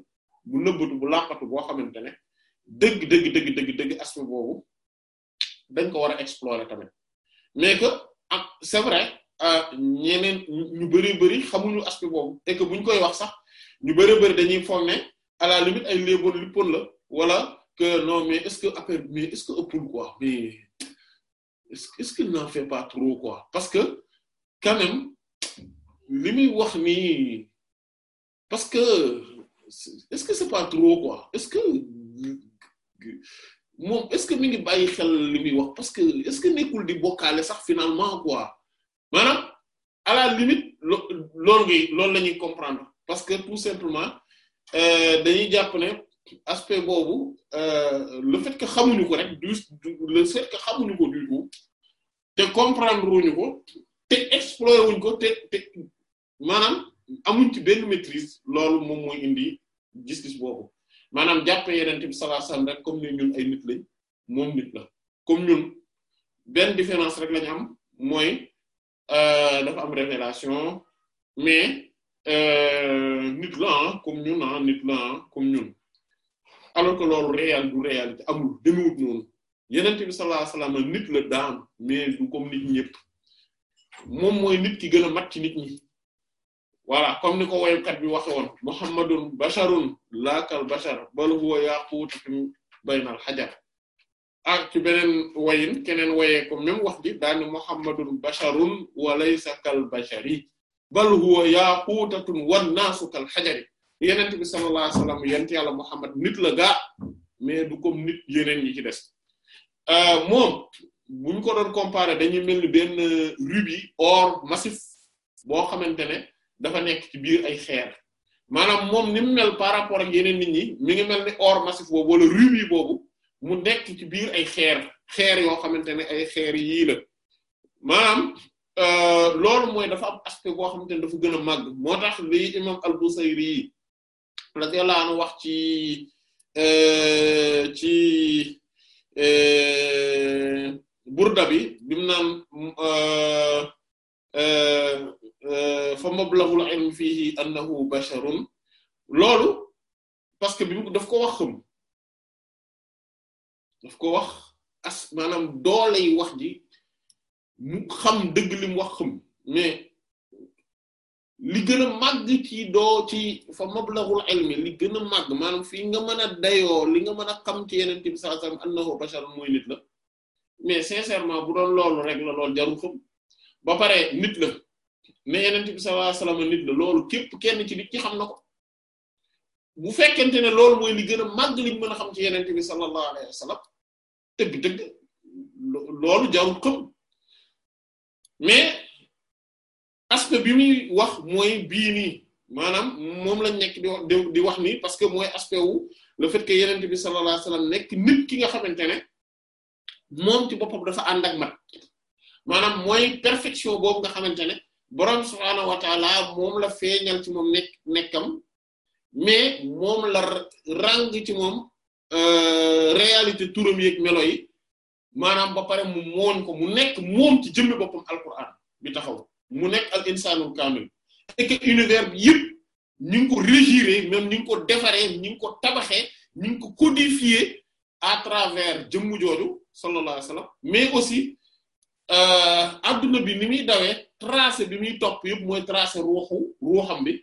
S1: bu nëbbatu bu làqatu boo xamante ne dëgg dëgg dëgg dëgg dëgg aspect boobu dañ ko war a explorer tamit mais que ak c'est euh, ñeneen ñu bari bëri xamuñu aspect boobu et que buñ koy wax sax ñu bari bëri dañuy foog ne à la ay léeboon lippoon la wala que no mais est-ce que après mais est-ce que ëppul quoi mais est-ce que il n'en fait pas trop quoi parce que quand même li muy wax nii parce que est-ce que c'est pas trop quoi est-ce que moom est-ce que mi ngi bàyyi xel li muy wax parce que est-ce que nekkul di bokkaale sax finalement quoi maanaam à la limite lo loolu ngi loolu la ñuy comprendre parce que tout simplement euh, dañuy jàpp ne aspect boobu euh, le fait que xamuñu ko rek du le fait que xamuñu ko du te comprendre wuñu ko te explorer wuñ ko te te maanaam amuñ ci benn maîtrise loolu moom mooy indi gis-gis boobu maanaam jàppee yeneen tamit sallallahu alayhi rek comme ni ñun ay nit lañ moom nit la comme ñun benn différence rek lañu am mooy euh, dafa am révélation mais euh, nit la ah comme ñun ah nit la ah comme ñun alors que loolu réel du réalité amul demewut noonu yeneen bi sallallahu alayhi wasallam nit la daam mais du comme nit ñëpp moom mooy nit ki gën a mat ci nit ñi. voilà comme ni ko woykat bi waxe woon muhammadun basharun laakal bashar bal huwa yaquutum baynal hajar ak beneen wayin keneen woyee ko même wax ji daani muhammadun basharun wa laysa kal bashari bal huwa yaquutatun wan naasu kal xajari yenent bi sallallahu alayhi wasallam yàlla muhammad nit la ga mais du comme nit yeneen yi ci des euh, moom buñ ko doon comparer dañuy mel ni benn rubis or massif boo xamante ne dafa nekk ci biir ay xeer maanaam moom ni mu mel par rapport ak yeneen nit ñi mi ngi mel ni or massif boobu wala rubis boobu mu nekk ci biir ay xeer xeer yoo xamante ne ay xeer yii la maanaam euh, loolu mooy dafa am aspect boo xamante ne dafa gën a màgg moo tax li imam al-Busayri yi radiyallahu anhu wax ci euh, ci euh, burda bi bi mu Euh, fa mablaghul ilm fihi
S2: annahu basharun loolu parce que bi daf ko wax xam daf ko wax as maanaam dooley wax ji mu xam dëgg li mu wax xam mais li gën a
S1: màgg ci doo ci fa mablaghul ilmi li gën a màgg maanaam fii nga mën a dayoo li nga mën a xam ci yeneen bi sallallahu alayhi wasallam annahu basharun mooy nit la mais sincèrement bu doon loolu rek la loolu jarul xam ba pare nit la ne yenent bi sallallahu alayhi wasallam nit la loolu képp kenn ci nit ci xam na ko bu fekkente ne loolu mooy li gën a màgg liñ mën a xam ci
S2: yenent bi sallallahu alayhi wasallam dëgg-dëgg loolu jarul xam mais bi muy wax mooy bii nii
S1: maanaam moom lañ nekk di wax di wax nii parce que mooy aspect wu le fait que yenent bi sallallahu alayhi wasallam nekk nit ki nga xamante ne moom ci boppam dafa ànd ak mat maanaam mooy perfection boobu nga xamante ne borom subhaanahu wa moom la feeñal ci moom nekk nekkam mais moom la ràng ci moom euh, réalité turam yeeg melo yi maanaam ba pare mu moon ko mu nekk moom ci jëmmi boppam alquran bi taxaw mu nekk al insaanul kaamil et que univers bi yëpp ñu ko régiré même ñu ngi ko defaree ñu ngi ko tabaxee ñu ngi ko codifié à travers jëmmu jooju sallallahu alayhi wasallam mais aussi euh, adduna bi ni muy dawee tracé bi muy topp yëpp mooy tracé ruuxu ruuxam bi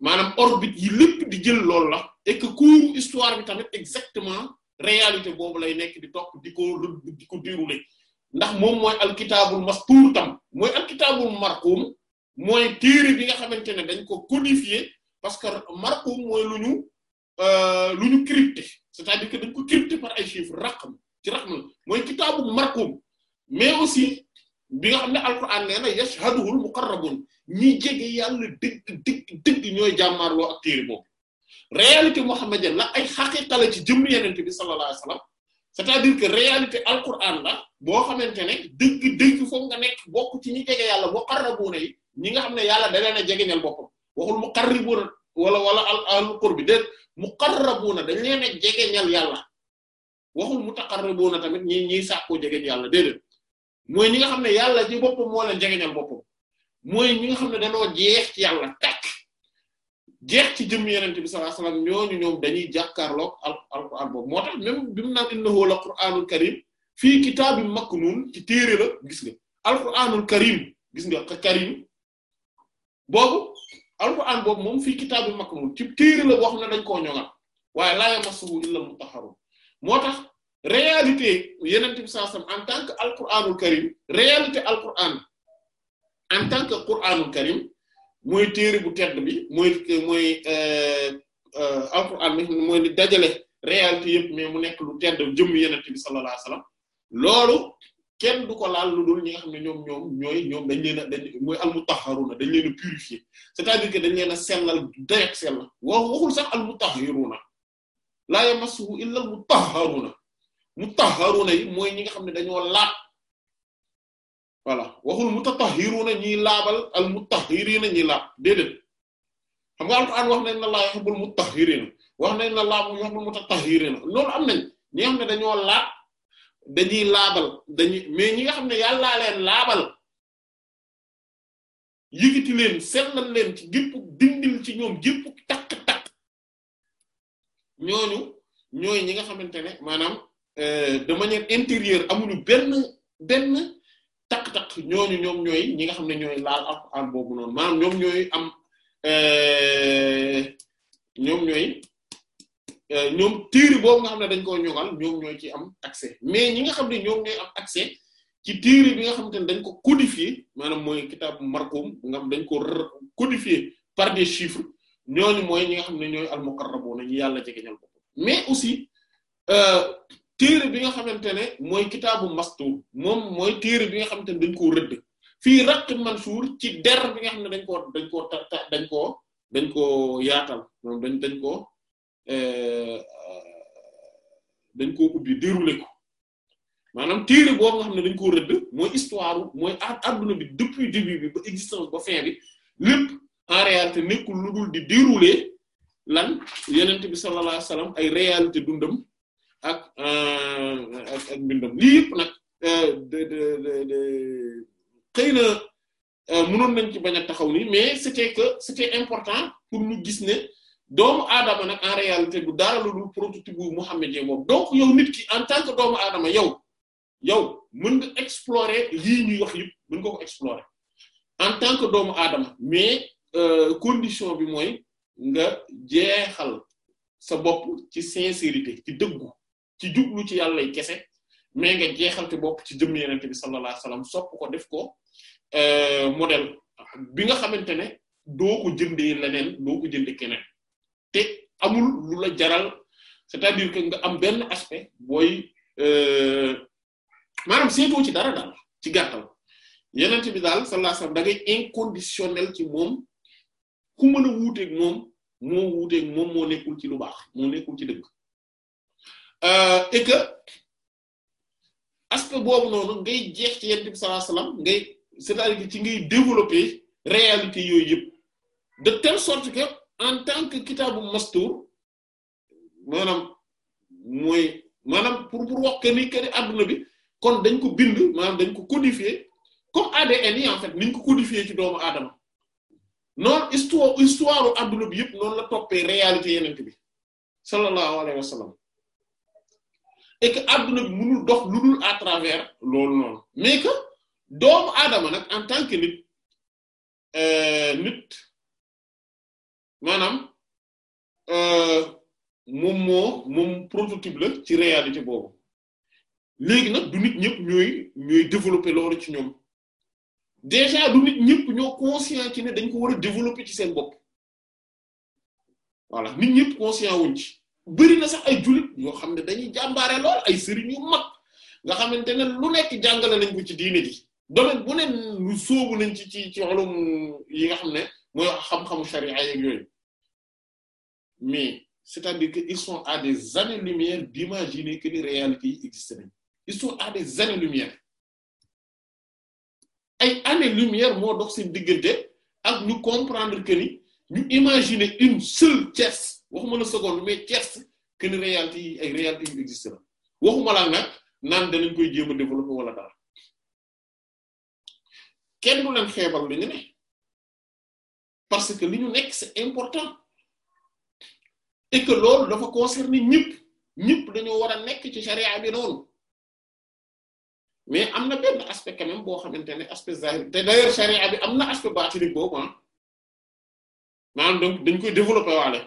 S1: maanaam orbite yi lépp di jël loolu la et que cours histoire bi tamit exactement réalité boobu lay nekk di topp di ko di ko dérouler ndax moom mooy alkitaabul mastuur tam mooy alkitaabul marquum mooy téere bi nga xamante ne dañ ko codifié parce que marquum mooy lu ñu euh, lu ñu crypté cest à dañ ko crypté par ay chiffres raqam ci raqam mooy kitaabu marquum mais aussi bi nga xam ne alquran nee na yashhaduhul muqarrabun ñiy jege yàlla dëgg dëgg dëgg ñooy jàmmaarloo ak téere boobu réalité muhammadienne la ay xaqiqa la ci jëmm yenente bi sallallahu alayhi wasallam c'est-à-dire que réalité alquran la boo xamante ne dëgg dëgg foofu nga nekk bokk ci ñi jege yàlla boo muqarrabuna yi ñi nga xam ne yàlla da leen a jegeñal boppam waxul muqarrabuna wala wala ahlul qurbi déet muqarrabuna dañ leen a jegeñal yàlla waxul mutaqarrabuna tamit ñi ñiy sàkkoo jegeñ yàlla déedéet mooy ñi nga xam ne yàlla ci boppam moo leen jegeñal boppam mooy ñi nga xam ne danoo jeex ci yàlla takk jeex ci jëm yenente bi sallallahu alayhi ñooñu ñoom dañuy jàkkaarloog al alquran boobu moo tax mu naan innahu la qur'anul karim fii kitaabim maknun ci téere gis nga alquranul gis nga karim boobu moom fii kitaabim maknun ci téere la boo ne dañ ko ñoŋal waaye laa yamassuhu illal mutahharun moo tax réalité yenent bi sallallahu en tant que alquranul karim réalité alquran en tant que quranul karim mooy téere bu tedd bi mooy mooy euh, euh, alquran bi mooy li dajale réalité yëpp mais mu nekk lu tedd jëm yenent bi sallallahu alayhi wasallam loolu kenn du ko laal lu dul ñi nga xam ne ñoom ñoom ñooy ñoom dañ leen a dañ mooy almutahharuna dañ leen a purifier c'est-à-dire que dañ leen a sellal direct sellal wax waxul sax almutahharuna la yamassuhu illa almutahharuna mutahharuna yi mooy ñi nga xam ne dañoo laab voilà waxul mutatahhiruna ñiy laabal al mutahhirina ñiy laab déedéet xam nga alquran wax nañ ne laa yuhibbul mutahhirina wax nañ ne laa yuhibbul mutatahhirina lool am nañ ñi nga xam ne dañoo laab dañuy laabal dañuy mais ñi nga xam ne yàllaa leen
S2: laabal yëgiti leen sellal leen ci gépp dindil ci ñoom gépp takk-takk ñooñu ñooy ñi nga
S1: xamante ne maanaam Euh, de manière intérieure amuñu benn benn taq-taq ñooñu ñoom ñooy ñi nga xam ne ñooy laal alxuraan boobu noon maanaam ñoom ñooy am euh, ñoom ñooy euh, ñoom téere boobu nga xam ne dañ koo ñogal ñoom ñooy ci am accès mais ñi nga xam ne ñoom ñooy am accès ci téere bi nga xam te dañ ko codifié maanaam mooy kitab marqum nga xam dañ ko codifié par des chiffres ñooñu mooy ñi nga xam ne ñooy al na ñi yàlla jegeñal ko mais aussi. téere bi nga xamante ne mooy kitaabu mastur moom mooy téere bi nga xamante ne dañ koo rëdd fii raqin mansuur ci der bi nga xam ne dañ ko dañ koo ta dañ koo dañ koo yaatal moom dañ dañ koo euh, euh, dañ koo ubbi déroulé ko maanaam téere boobu nga xam ne dañ koo rëdd mooy histoire mooy adduna bi depuis début bi ba existence ba fin bi lépp en réalité nekkul lu dul di dérouler lan yenent bi sallallahu alayhi wasallam ay réalité dundam Euh, ak ak ak lii yëpp nag euh, de de de xëy na euh, mënoon nañ ci bañ a taxaw nii mais c'était que c'était important pour ñu gis ne doomu aadama nag en réalité du dara lu dul prototype bu mohammédien boobu donc yow nit ki en tant que doomu aadama yow yow mën nga explorer lii ñuy wax yëpp mun nga ko explorer en tant que doomu aadama mais condition bi mooy nga jeexal sa bopp ci sincérité ci dëggu ci jublu ci yàlla yi kese mais nga jeexal te bopp ci jëm yenente bi sallallahu alayhi wasallam sopp ko def ko euh, modèle bi nga xamante ne doo ko jëndee leneen doo ko jënd keneen te amul lu la jaral c'est-à-dire nga am benn aspect booy euh, maanaam seetoo ci dara daal ci gàttal yenente bi daal sallallahu alayhi wasallam da ngay inconditionnel ci moom ku mën a wuuteeg moom moo wuuteeg moom moo nekkul ci lu baax moo nekkul ci dëkk Euh, et que boobu noonu ngay jeex ci yonent bi sallallahu ngay cest ci ngay développer réalité yooyu yëpp de telle sorte que en tant que kitaabu mastuur maanaam mooy maanaam pour pour wax que ni que bi kon dañ ko bind maanaam dañ ko codifier comme ADN yi en ko codifier ci doomu aadama noonu histoire histoire yëpp noonu la toppee réalité bi sallallahu alayhi et que adduna bi mënul dox lu dul à travers loolu noonu mais que
S2: doomu aadama nag en tant que nit euh, nit maanaam euh, moom moo moom prototype la
S1: ci réalité boobu léegi nag du nit ñëpp ñooy ñuy développer loolu ci ñoom déjà du nit ñëpp ñoo conscient ci ne dañ ko war a développer ci seen bopp voilà nit ñëpp conscient wuñ ci bëri na sax ay jullit yoo xam ne dañuy jàmbaare lool ay sëriñ yu mag nga xamante ne lu nekk jàngale nañ ko ci diine ji domaine bu ne lu sóobu nañ ci ci ci xolum yi nga xam ne mooy xam-xamu sharia
S2: yooyu mais c'est-à-dire que ils sont à des années-lumière d'imaginer que les réalités yi existent ils sont à des années-lumière
S1: ay années-lumière moo dox seen diggante ak ñu comprendre kë ni ñu imaginer une seule pièce waxuma la seconde mais tierce que ni réalité yi ay réalité yu
S2: existe la waxuma la nag naan danañ koy jéem a wala dara kenn du leen xeebal li ñu parce que li ñu nekk c'est
S1: important et que dafa concerner ñëpp ñëpp dañoo
S2: war a nekk ci charia bi noonu mais am na benn aspect quand boo xamante ne aspect zahir te d'ailleurs charia bi am na aspect baatini boobu ah dañ koy développer waale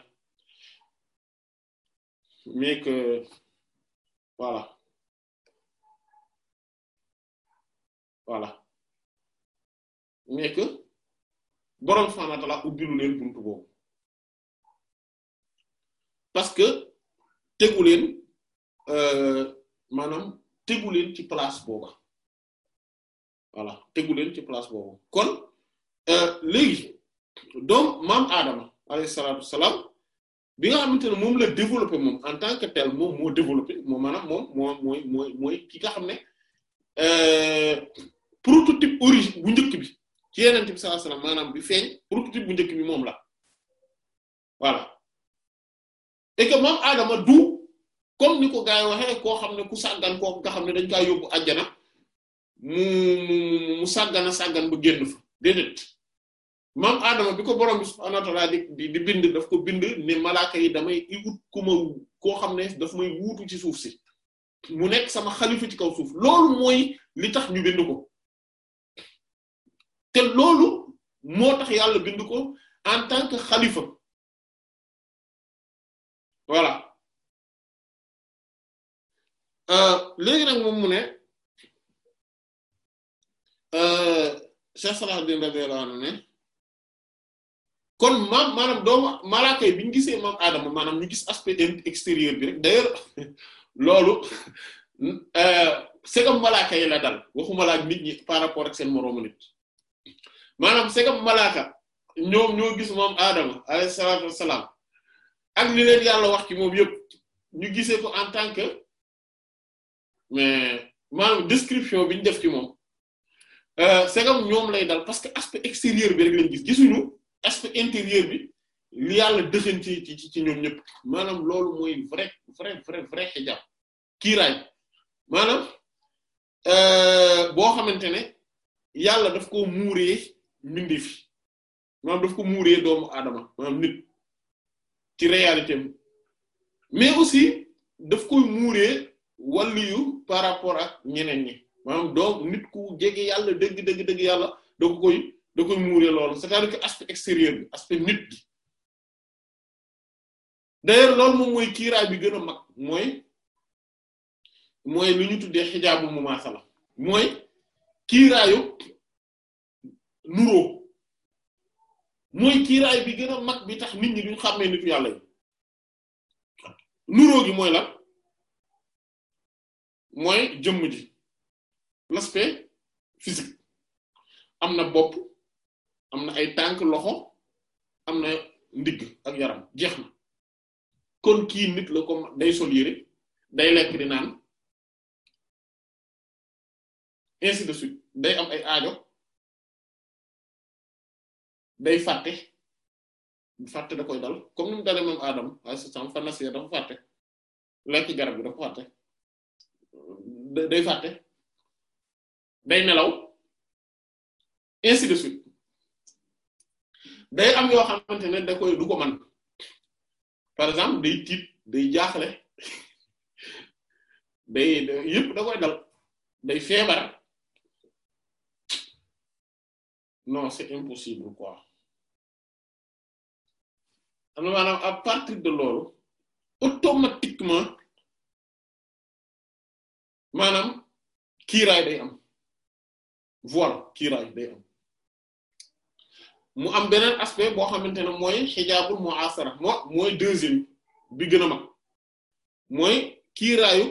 S2: mais que voilà voilà que boroom subhaanahu wa ubbilu leen buntu boobu parce que tegu leen euh, maanaam tegu leen ci place booba voilà
S1: tegu leen ci place boobu kon euh, léegi doom maam Adama alayhi salaatu salaam bi nga xamante ne moom la développé moom en tant que tel moom moo développé moom maanaam moom moo mooy mooy mooy ki nga xam ne euh, prototype origine bu njëkk bi ci yeneen bi sallallahu alayhi wasallam maanaam bi feeñ prototype bu njëkk bi moom la voilà et que moom Adama du kom ni ko gars yi waxee koo xam ne ku sàggan kooku nga xam ne dañ kaa yóbbu àjjana
S2: mu mu
S1: mu sàggana sàggan ba génn fa déedéet. maam Adama bi ko borom bi subhaanahu di di bind daf ko bind ne malaaka yi damay i wut ku ma koo xam ne daf may wuutu ci suuf si mu nekk sama xalifa ci kaw suuf loolu mooy li tax ñu bind ko
S2: te loolu moo tax yàlla bind ko en tant que xalifa voilà euh, léegi nag moom mu ne euh, Cheikh Salah Din radiyallahu anhu ne kon maam maanaam
S1: doomu malaaka yi bi ñu gisee maam Adama maanaam ñu gis aspect extérieur bi rek d'ailleurs loolu euh, segam malaaka yi la dal waxuma laak nit ñi par rapport ak seen moroomu nit maanaam segam malaaka ñoom ñoo gis maam Adama alayhi salaatu wassalaam ak li leen yàlla wax ci moom yëpp ñu gisee ko en tant que mais maanaam description bi ñu def ci moom euh, segam ñoom lay dal parce que aspect extérieur bi rek lañ gis gisuñu aspect intérieur bi li yàlla dëxën ci ci ci ñoom ñëpp maanaam loolu mooy vrai vrai vrai vrai kiiraay maanaam euh, boo xamante ne yàlla daf ko muuree mbindi fi maanaam daf ko muuree doomu aadama maanaam nit ci réalité am mais aussi daf koy muuree wàlliyu par rapport ak ñeneen ñi maanaam donc nit ku jege yàlla dëgg dëgg dëgg yàlla da koy da koy muure loolu c'est-à-dire que aspect extérieur bi aspect nit bi
S2: d'ailleurs loolu moom mooy bi gën a mag mooy mooy lu ñu tuddee xijaabul mumaasala mooy kiiraayu nuroo mooy kiiraay bi gën a mag bi tax nit ñi duñ xàmmee nitu yàlla yi nuroo gi mooy la mooy jëmm ji l'aspect physique am na bopp am na ay tànk loxo am na ndigg ak yaram jeex na kon kii nit la comme day sol yére day lekk di naan ainsi de suite day am ay aajo day fàtte fàtte da dal comme ni mu Adam ay sàmm fa dafa fàtte lekk garab bi dafa fàtte day fàtte day nelaw ainsi de suite day am yoo xamante ne da koy
S1: du man par exemple day tiit day jaaxle
S2: day yëpp da koy dal day feebar non c'est impossible quoi am na maanaam partir de loolu automatiquement maanaam kiiraay day am voilà kiiraay day am mu am beneen aspect boo xamante ne mooy
S1: xijaabul mu'asara moo mooy deuxième bi gën a mag mooy kiiraayu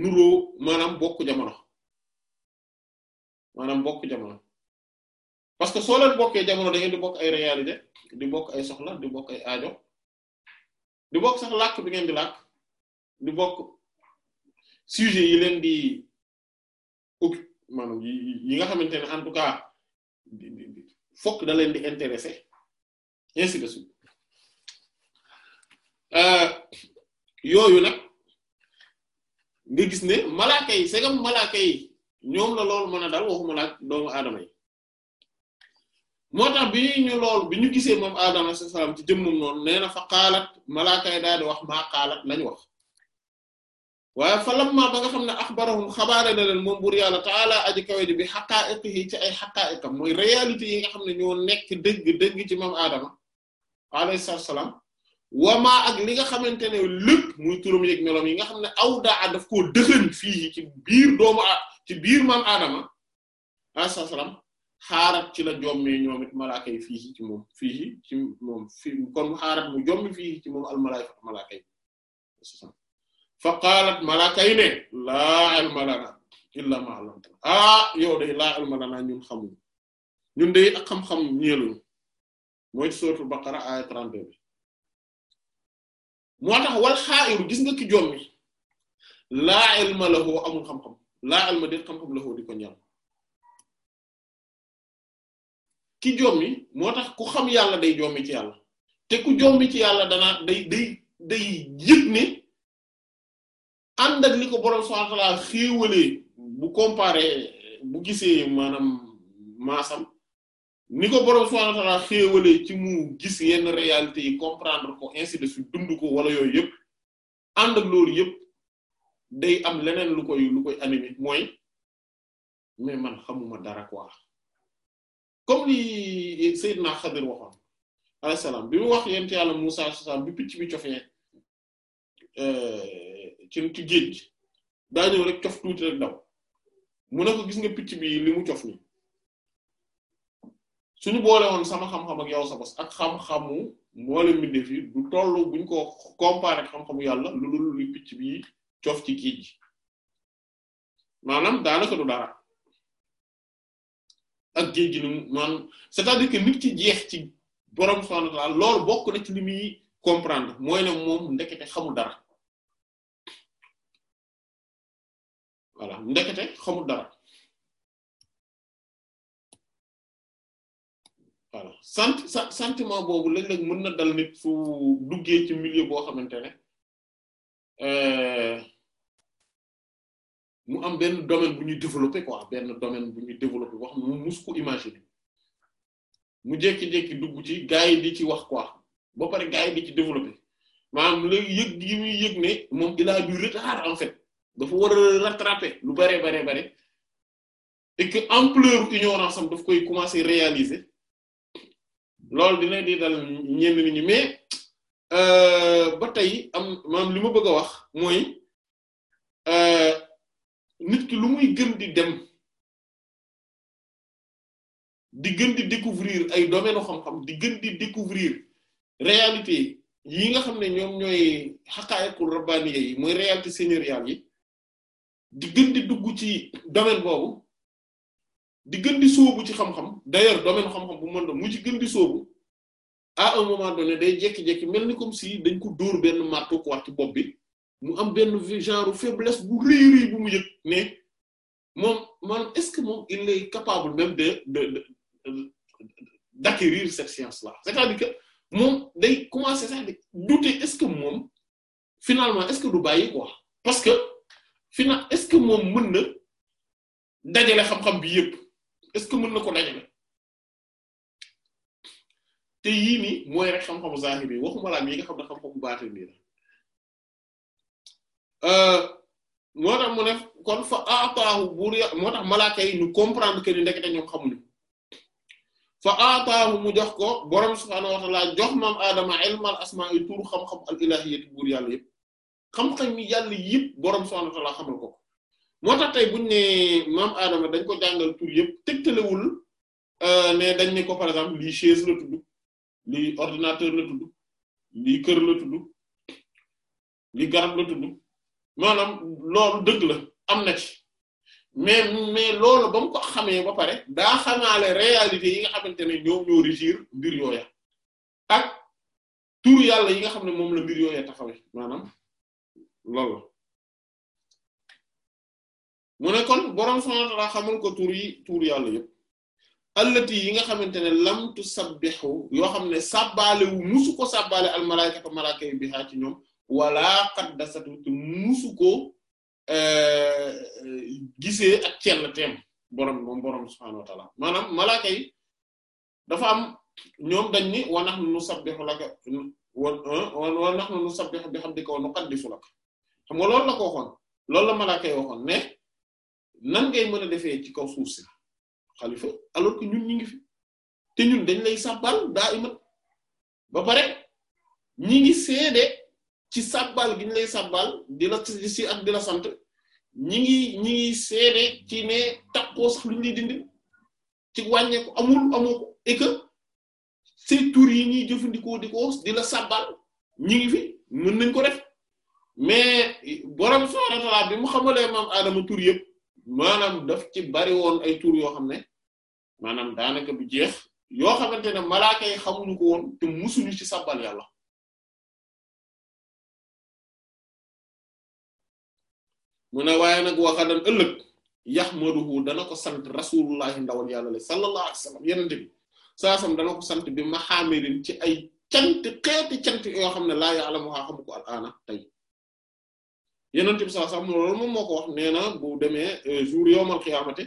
S1: nuroo maanaam bokk jamono maanaam bokk jamono parce que soo la bokkee jamono da ngeen di bokk ay réalité di bokk ay soxla di bokk ay aajo di bokk sax làkk bi ngeen di làkk bokk sujet yi leen di occupe maanaam yi nga xamante ne en fokk da leen di intéresser ainsi de suite euh, yooyu nag nga gis ne malaaka yi segam malaaka yi ñoom la loolu mën na dal waxuma la ak doomu aadama yi moo tax bi ñu lool bi ñu gisee moom aadama sallam ci jëm noonu nee na fa xaalat malaaka yi daal di wax maa xaalat lañu wax waaye fa lamma ba nga xam ne axbarahum xabaare na leen moom buur yàlla taala aji kawe ji bi xaqaa'iqihi ci ay xaqaa'iqam mooy réalité yi nga xam ne ñoo nekk dëgg dëgg ci moom aadama alayhi salaam wamaa li nga xamante ne muy turam yeeg meloom yi nga xam ne aw daa daf koo dëxën fii ci biir doomu a ci biir maam aadama alayhi salaam xaarat ci la jommee ñoom it malaaka yi fii ci moom fii ci xaarat mu jommi fii ci moom al malaa'ika malaaka fa qaalat malaaka yi ne laa ilma lanaa illaa maa allamtanaa ah yow de laa ilma lanaa ñun
S2: xamuñu ñun de xam-xam ñeeluñu mooy suratul baqara aaya 32 bi moo tax wal xaa'iru gis nga ki jommi
S1: laa ilma lahu amul xam-xam laa ilma de xam-xam lahu di ko ñal
S2: ki jommi moo tax ku xam yàlla day jommi ci yàlla te ku jommi ci yàlla dana day day day yëg ànd
S1: ni ko borom subhaanahu wa ta'aala xéewalee bu comparé bu gisee maanaam maasam ni ko borom subhaanahu wa ta'aala xéewalee ci mu gis yenn réalité yi comprendre ko ainsi de wala yooyu yëpp ànd loolu yëpp day am leneen lu koy lu mooy mais man xamuma dara quoi comme li Seydina Xadir waxoon alayhi salaam bi mu wax yent yàlla Musaa alayhi salaam bi picc bi cofee. Euh, ci ci géej gi daa ñëw rek cof tuuti daw mu ne ko gis nga picc bi li mu cof ni suñu boole sama xam-xam ak yow sa ak xam-xamu moo leen bindee du toll buñ ko comparé ak xam-xamu yàlla lu dul li picc bi cof ci géej gi maanaam daanaka du dara ak géej gi nii man c'est-à-dire que nit ci jeex ci borom subhanahu wa ta'ala loolu bokk na
S2: ci limi muy comprendre mooy ne moom ndekete xamul dara. voilà ndekete xamul dara voilà senti sentiment boobu léeg-léeg mën na dal nit fu duggee ci milieu boo xamante ne euh,
S1: mu am benn domaine bu ñuy développer quoi benn domaine bu ñuy développer boo mu mus ko mu jékki-jékki dugg ci gars yi di ci wax quoi ba pare gars ci développer maanaam léegi yëg yi muy yëg ne moom il a du retard en fait. dafa war a rattraper lu bare bare bare et que ampleur ignorance sam daf koy commencer réaliser loolu dina di dal ñenn nit ñi mais
S2: euh, ba tey am maanaam li ma bëgg a wax mooy euh, nit ki lu muy gën di dem di gën di découvrir ay domaines xam-xam di gën di découvrir
S1: réalité yi nga xam ne ñoom ñooy xaqaayiqul rabbaaniya yi mooy réalité seigneuriale yi di gën di dugg ci domaine boobu di gën di sóobu ci xam-xam d'ailleurs domaine xam-xam bu mën doon mu ci gën di sóobu à un moment donné day jékki-jékki mel ni comme si dañ ko dóor benn marteau ko wax ci bopp bi mu am benn genre faiblesse bu rëy rëy bu mu yëg ne moom man est-ce que moom il est capable même de de d'acquérir cette science-là c'est-à-dire que moom day commencer sax di douter est-ce que moom finalement est du bàyyi quoi parce
S2: fina est-ce que moom mën na dajale xam-xam bi yépp est-ce que mën na ko dajale te yii nii mooy rek xam-xamu zahiri waxuma laa yi nga xam ne xam-xamu baatin nii la euh,
S1: moo tax mu ne kon fa aataahu buur ya moo tax malaaka yi ñu comprendre que ni ndekete ñoom xamuñu fa aataahu mu jox ko borom subhaanahu wa jox maam Adama ilmal asmaa yi turu xam-xam al ilahiyyati buur yàlla yépp xam-xam yi yàlla yëpp borom subhanahu wa ta'ala xamal ko moo tax tey buñ ne maam Adama dañ ko jàngal tur yëpp tegtalewul euh, ne dañ ne ko par exemple lii chaise la tudd lii ordinateur la tudd lii kër la tudd lii garab la tudd maanaam loolu dëgg la am na ci mais mais loolu ba mu ko xamee ba pare daa xamaale réalité yi nga xamante ne ñoom ñoo régir mbir yooya ak
S2: tur yàlla yi nga xam ne moom la mbir yooya taxawe maanaam loolu mu ne kon boroom subhaanahu wa ta'aala ko tur yi tur yàlla yëpp
S1: allati yi nga xamante ne lam tusabbihu yoo xam ne sàbbaale wu musu ko sàbbaale al malaa'ikatu malaaka yi bihaa ci ñoom wala qaddasatu te musu ko eh, gisee ak cell teem boroom moom boroom subhaanahu wa ta'aala maanaam malaaka yi dafa am ñoom dañ ni wa nahnu nusabbihu laka wa nahnu nusabbihu bihamdika wa nuqaddisu laka xam nga loolu la ko waxoon loolu la malaaka yi waxoon mais nan ngay mën a defee ci kaw suuf si xalifa alors que ñun ñu ngi fi te ñun dañ lay sabbal daa imat ba pare ñi ngi seede ci sabbal gi ñu lay sabbal di la si ak di sant ñi ngi ñi ngi seede ci ne takkoo sax lu ñuy dindi ci wàññeeku amul amoo ko et que yi ñuy jëfandikoo di ko di la sabbal ñi ngi fi mën nañ ko def. mais borom subhaanahu wa ta'aala bi mu xamalee maam Adama tur yépp maanaam daf ci bari woon ay tur yoo xam ne
S2: maanaam daanaka bu jeex yoo xamante ne malaaka yi xamuñu ko woon te musuñu ci sabbal yàlla. mu ne waaye nag waxadan ëllëg yahmaduhu dana ko sant rasulullahi ndawal yàlla la
S1: sallallahu alayhi wasallam yenente bi saasam dana ko sant bi mahamirin ci ay cant xeeti cant yoo xam ne laa ya'lamuha xamu ko al aana yeneen bi sax sax loolu moom moo ko wax nee na bu demee euh, jour yowmal xiyaamate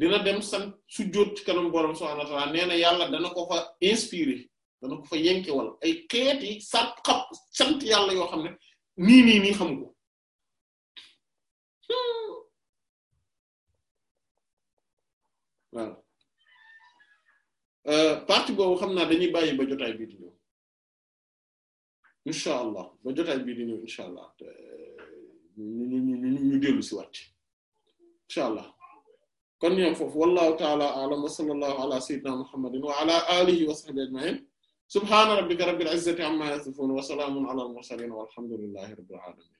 S1: dina dem sant sujjóot ci kanam borom subhaanahu wa ta'aala nee na yàlla dana ko fa inspiré dana ko fa yenkewal ay xeet
S2: yi sant xam sant yàlla yoo xam ne nii nii nii xamu ko euh, boobu xam naa dañuy bàyyi ba jotaay bii di
S1: ñëw allah ba jotaay bii di ñëw allah. ñu ñu ñu ñu dellu si wàcc incha allah kon ñoom foofu wallahu taala a'lam wa sallallahu ala sayyidina muhammadin wa ala alihi wa sahbihi ajma'in subhana rabbika rabbil izzati amma yasifun wa salamun ala al wa walhamdulillahi rabbil alamin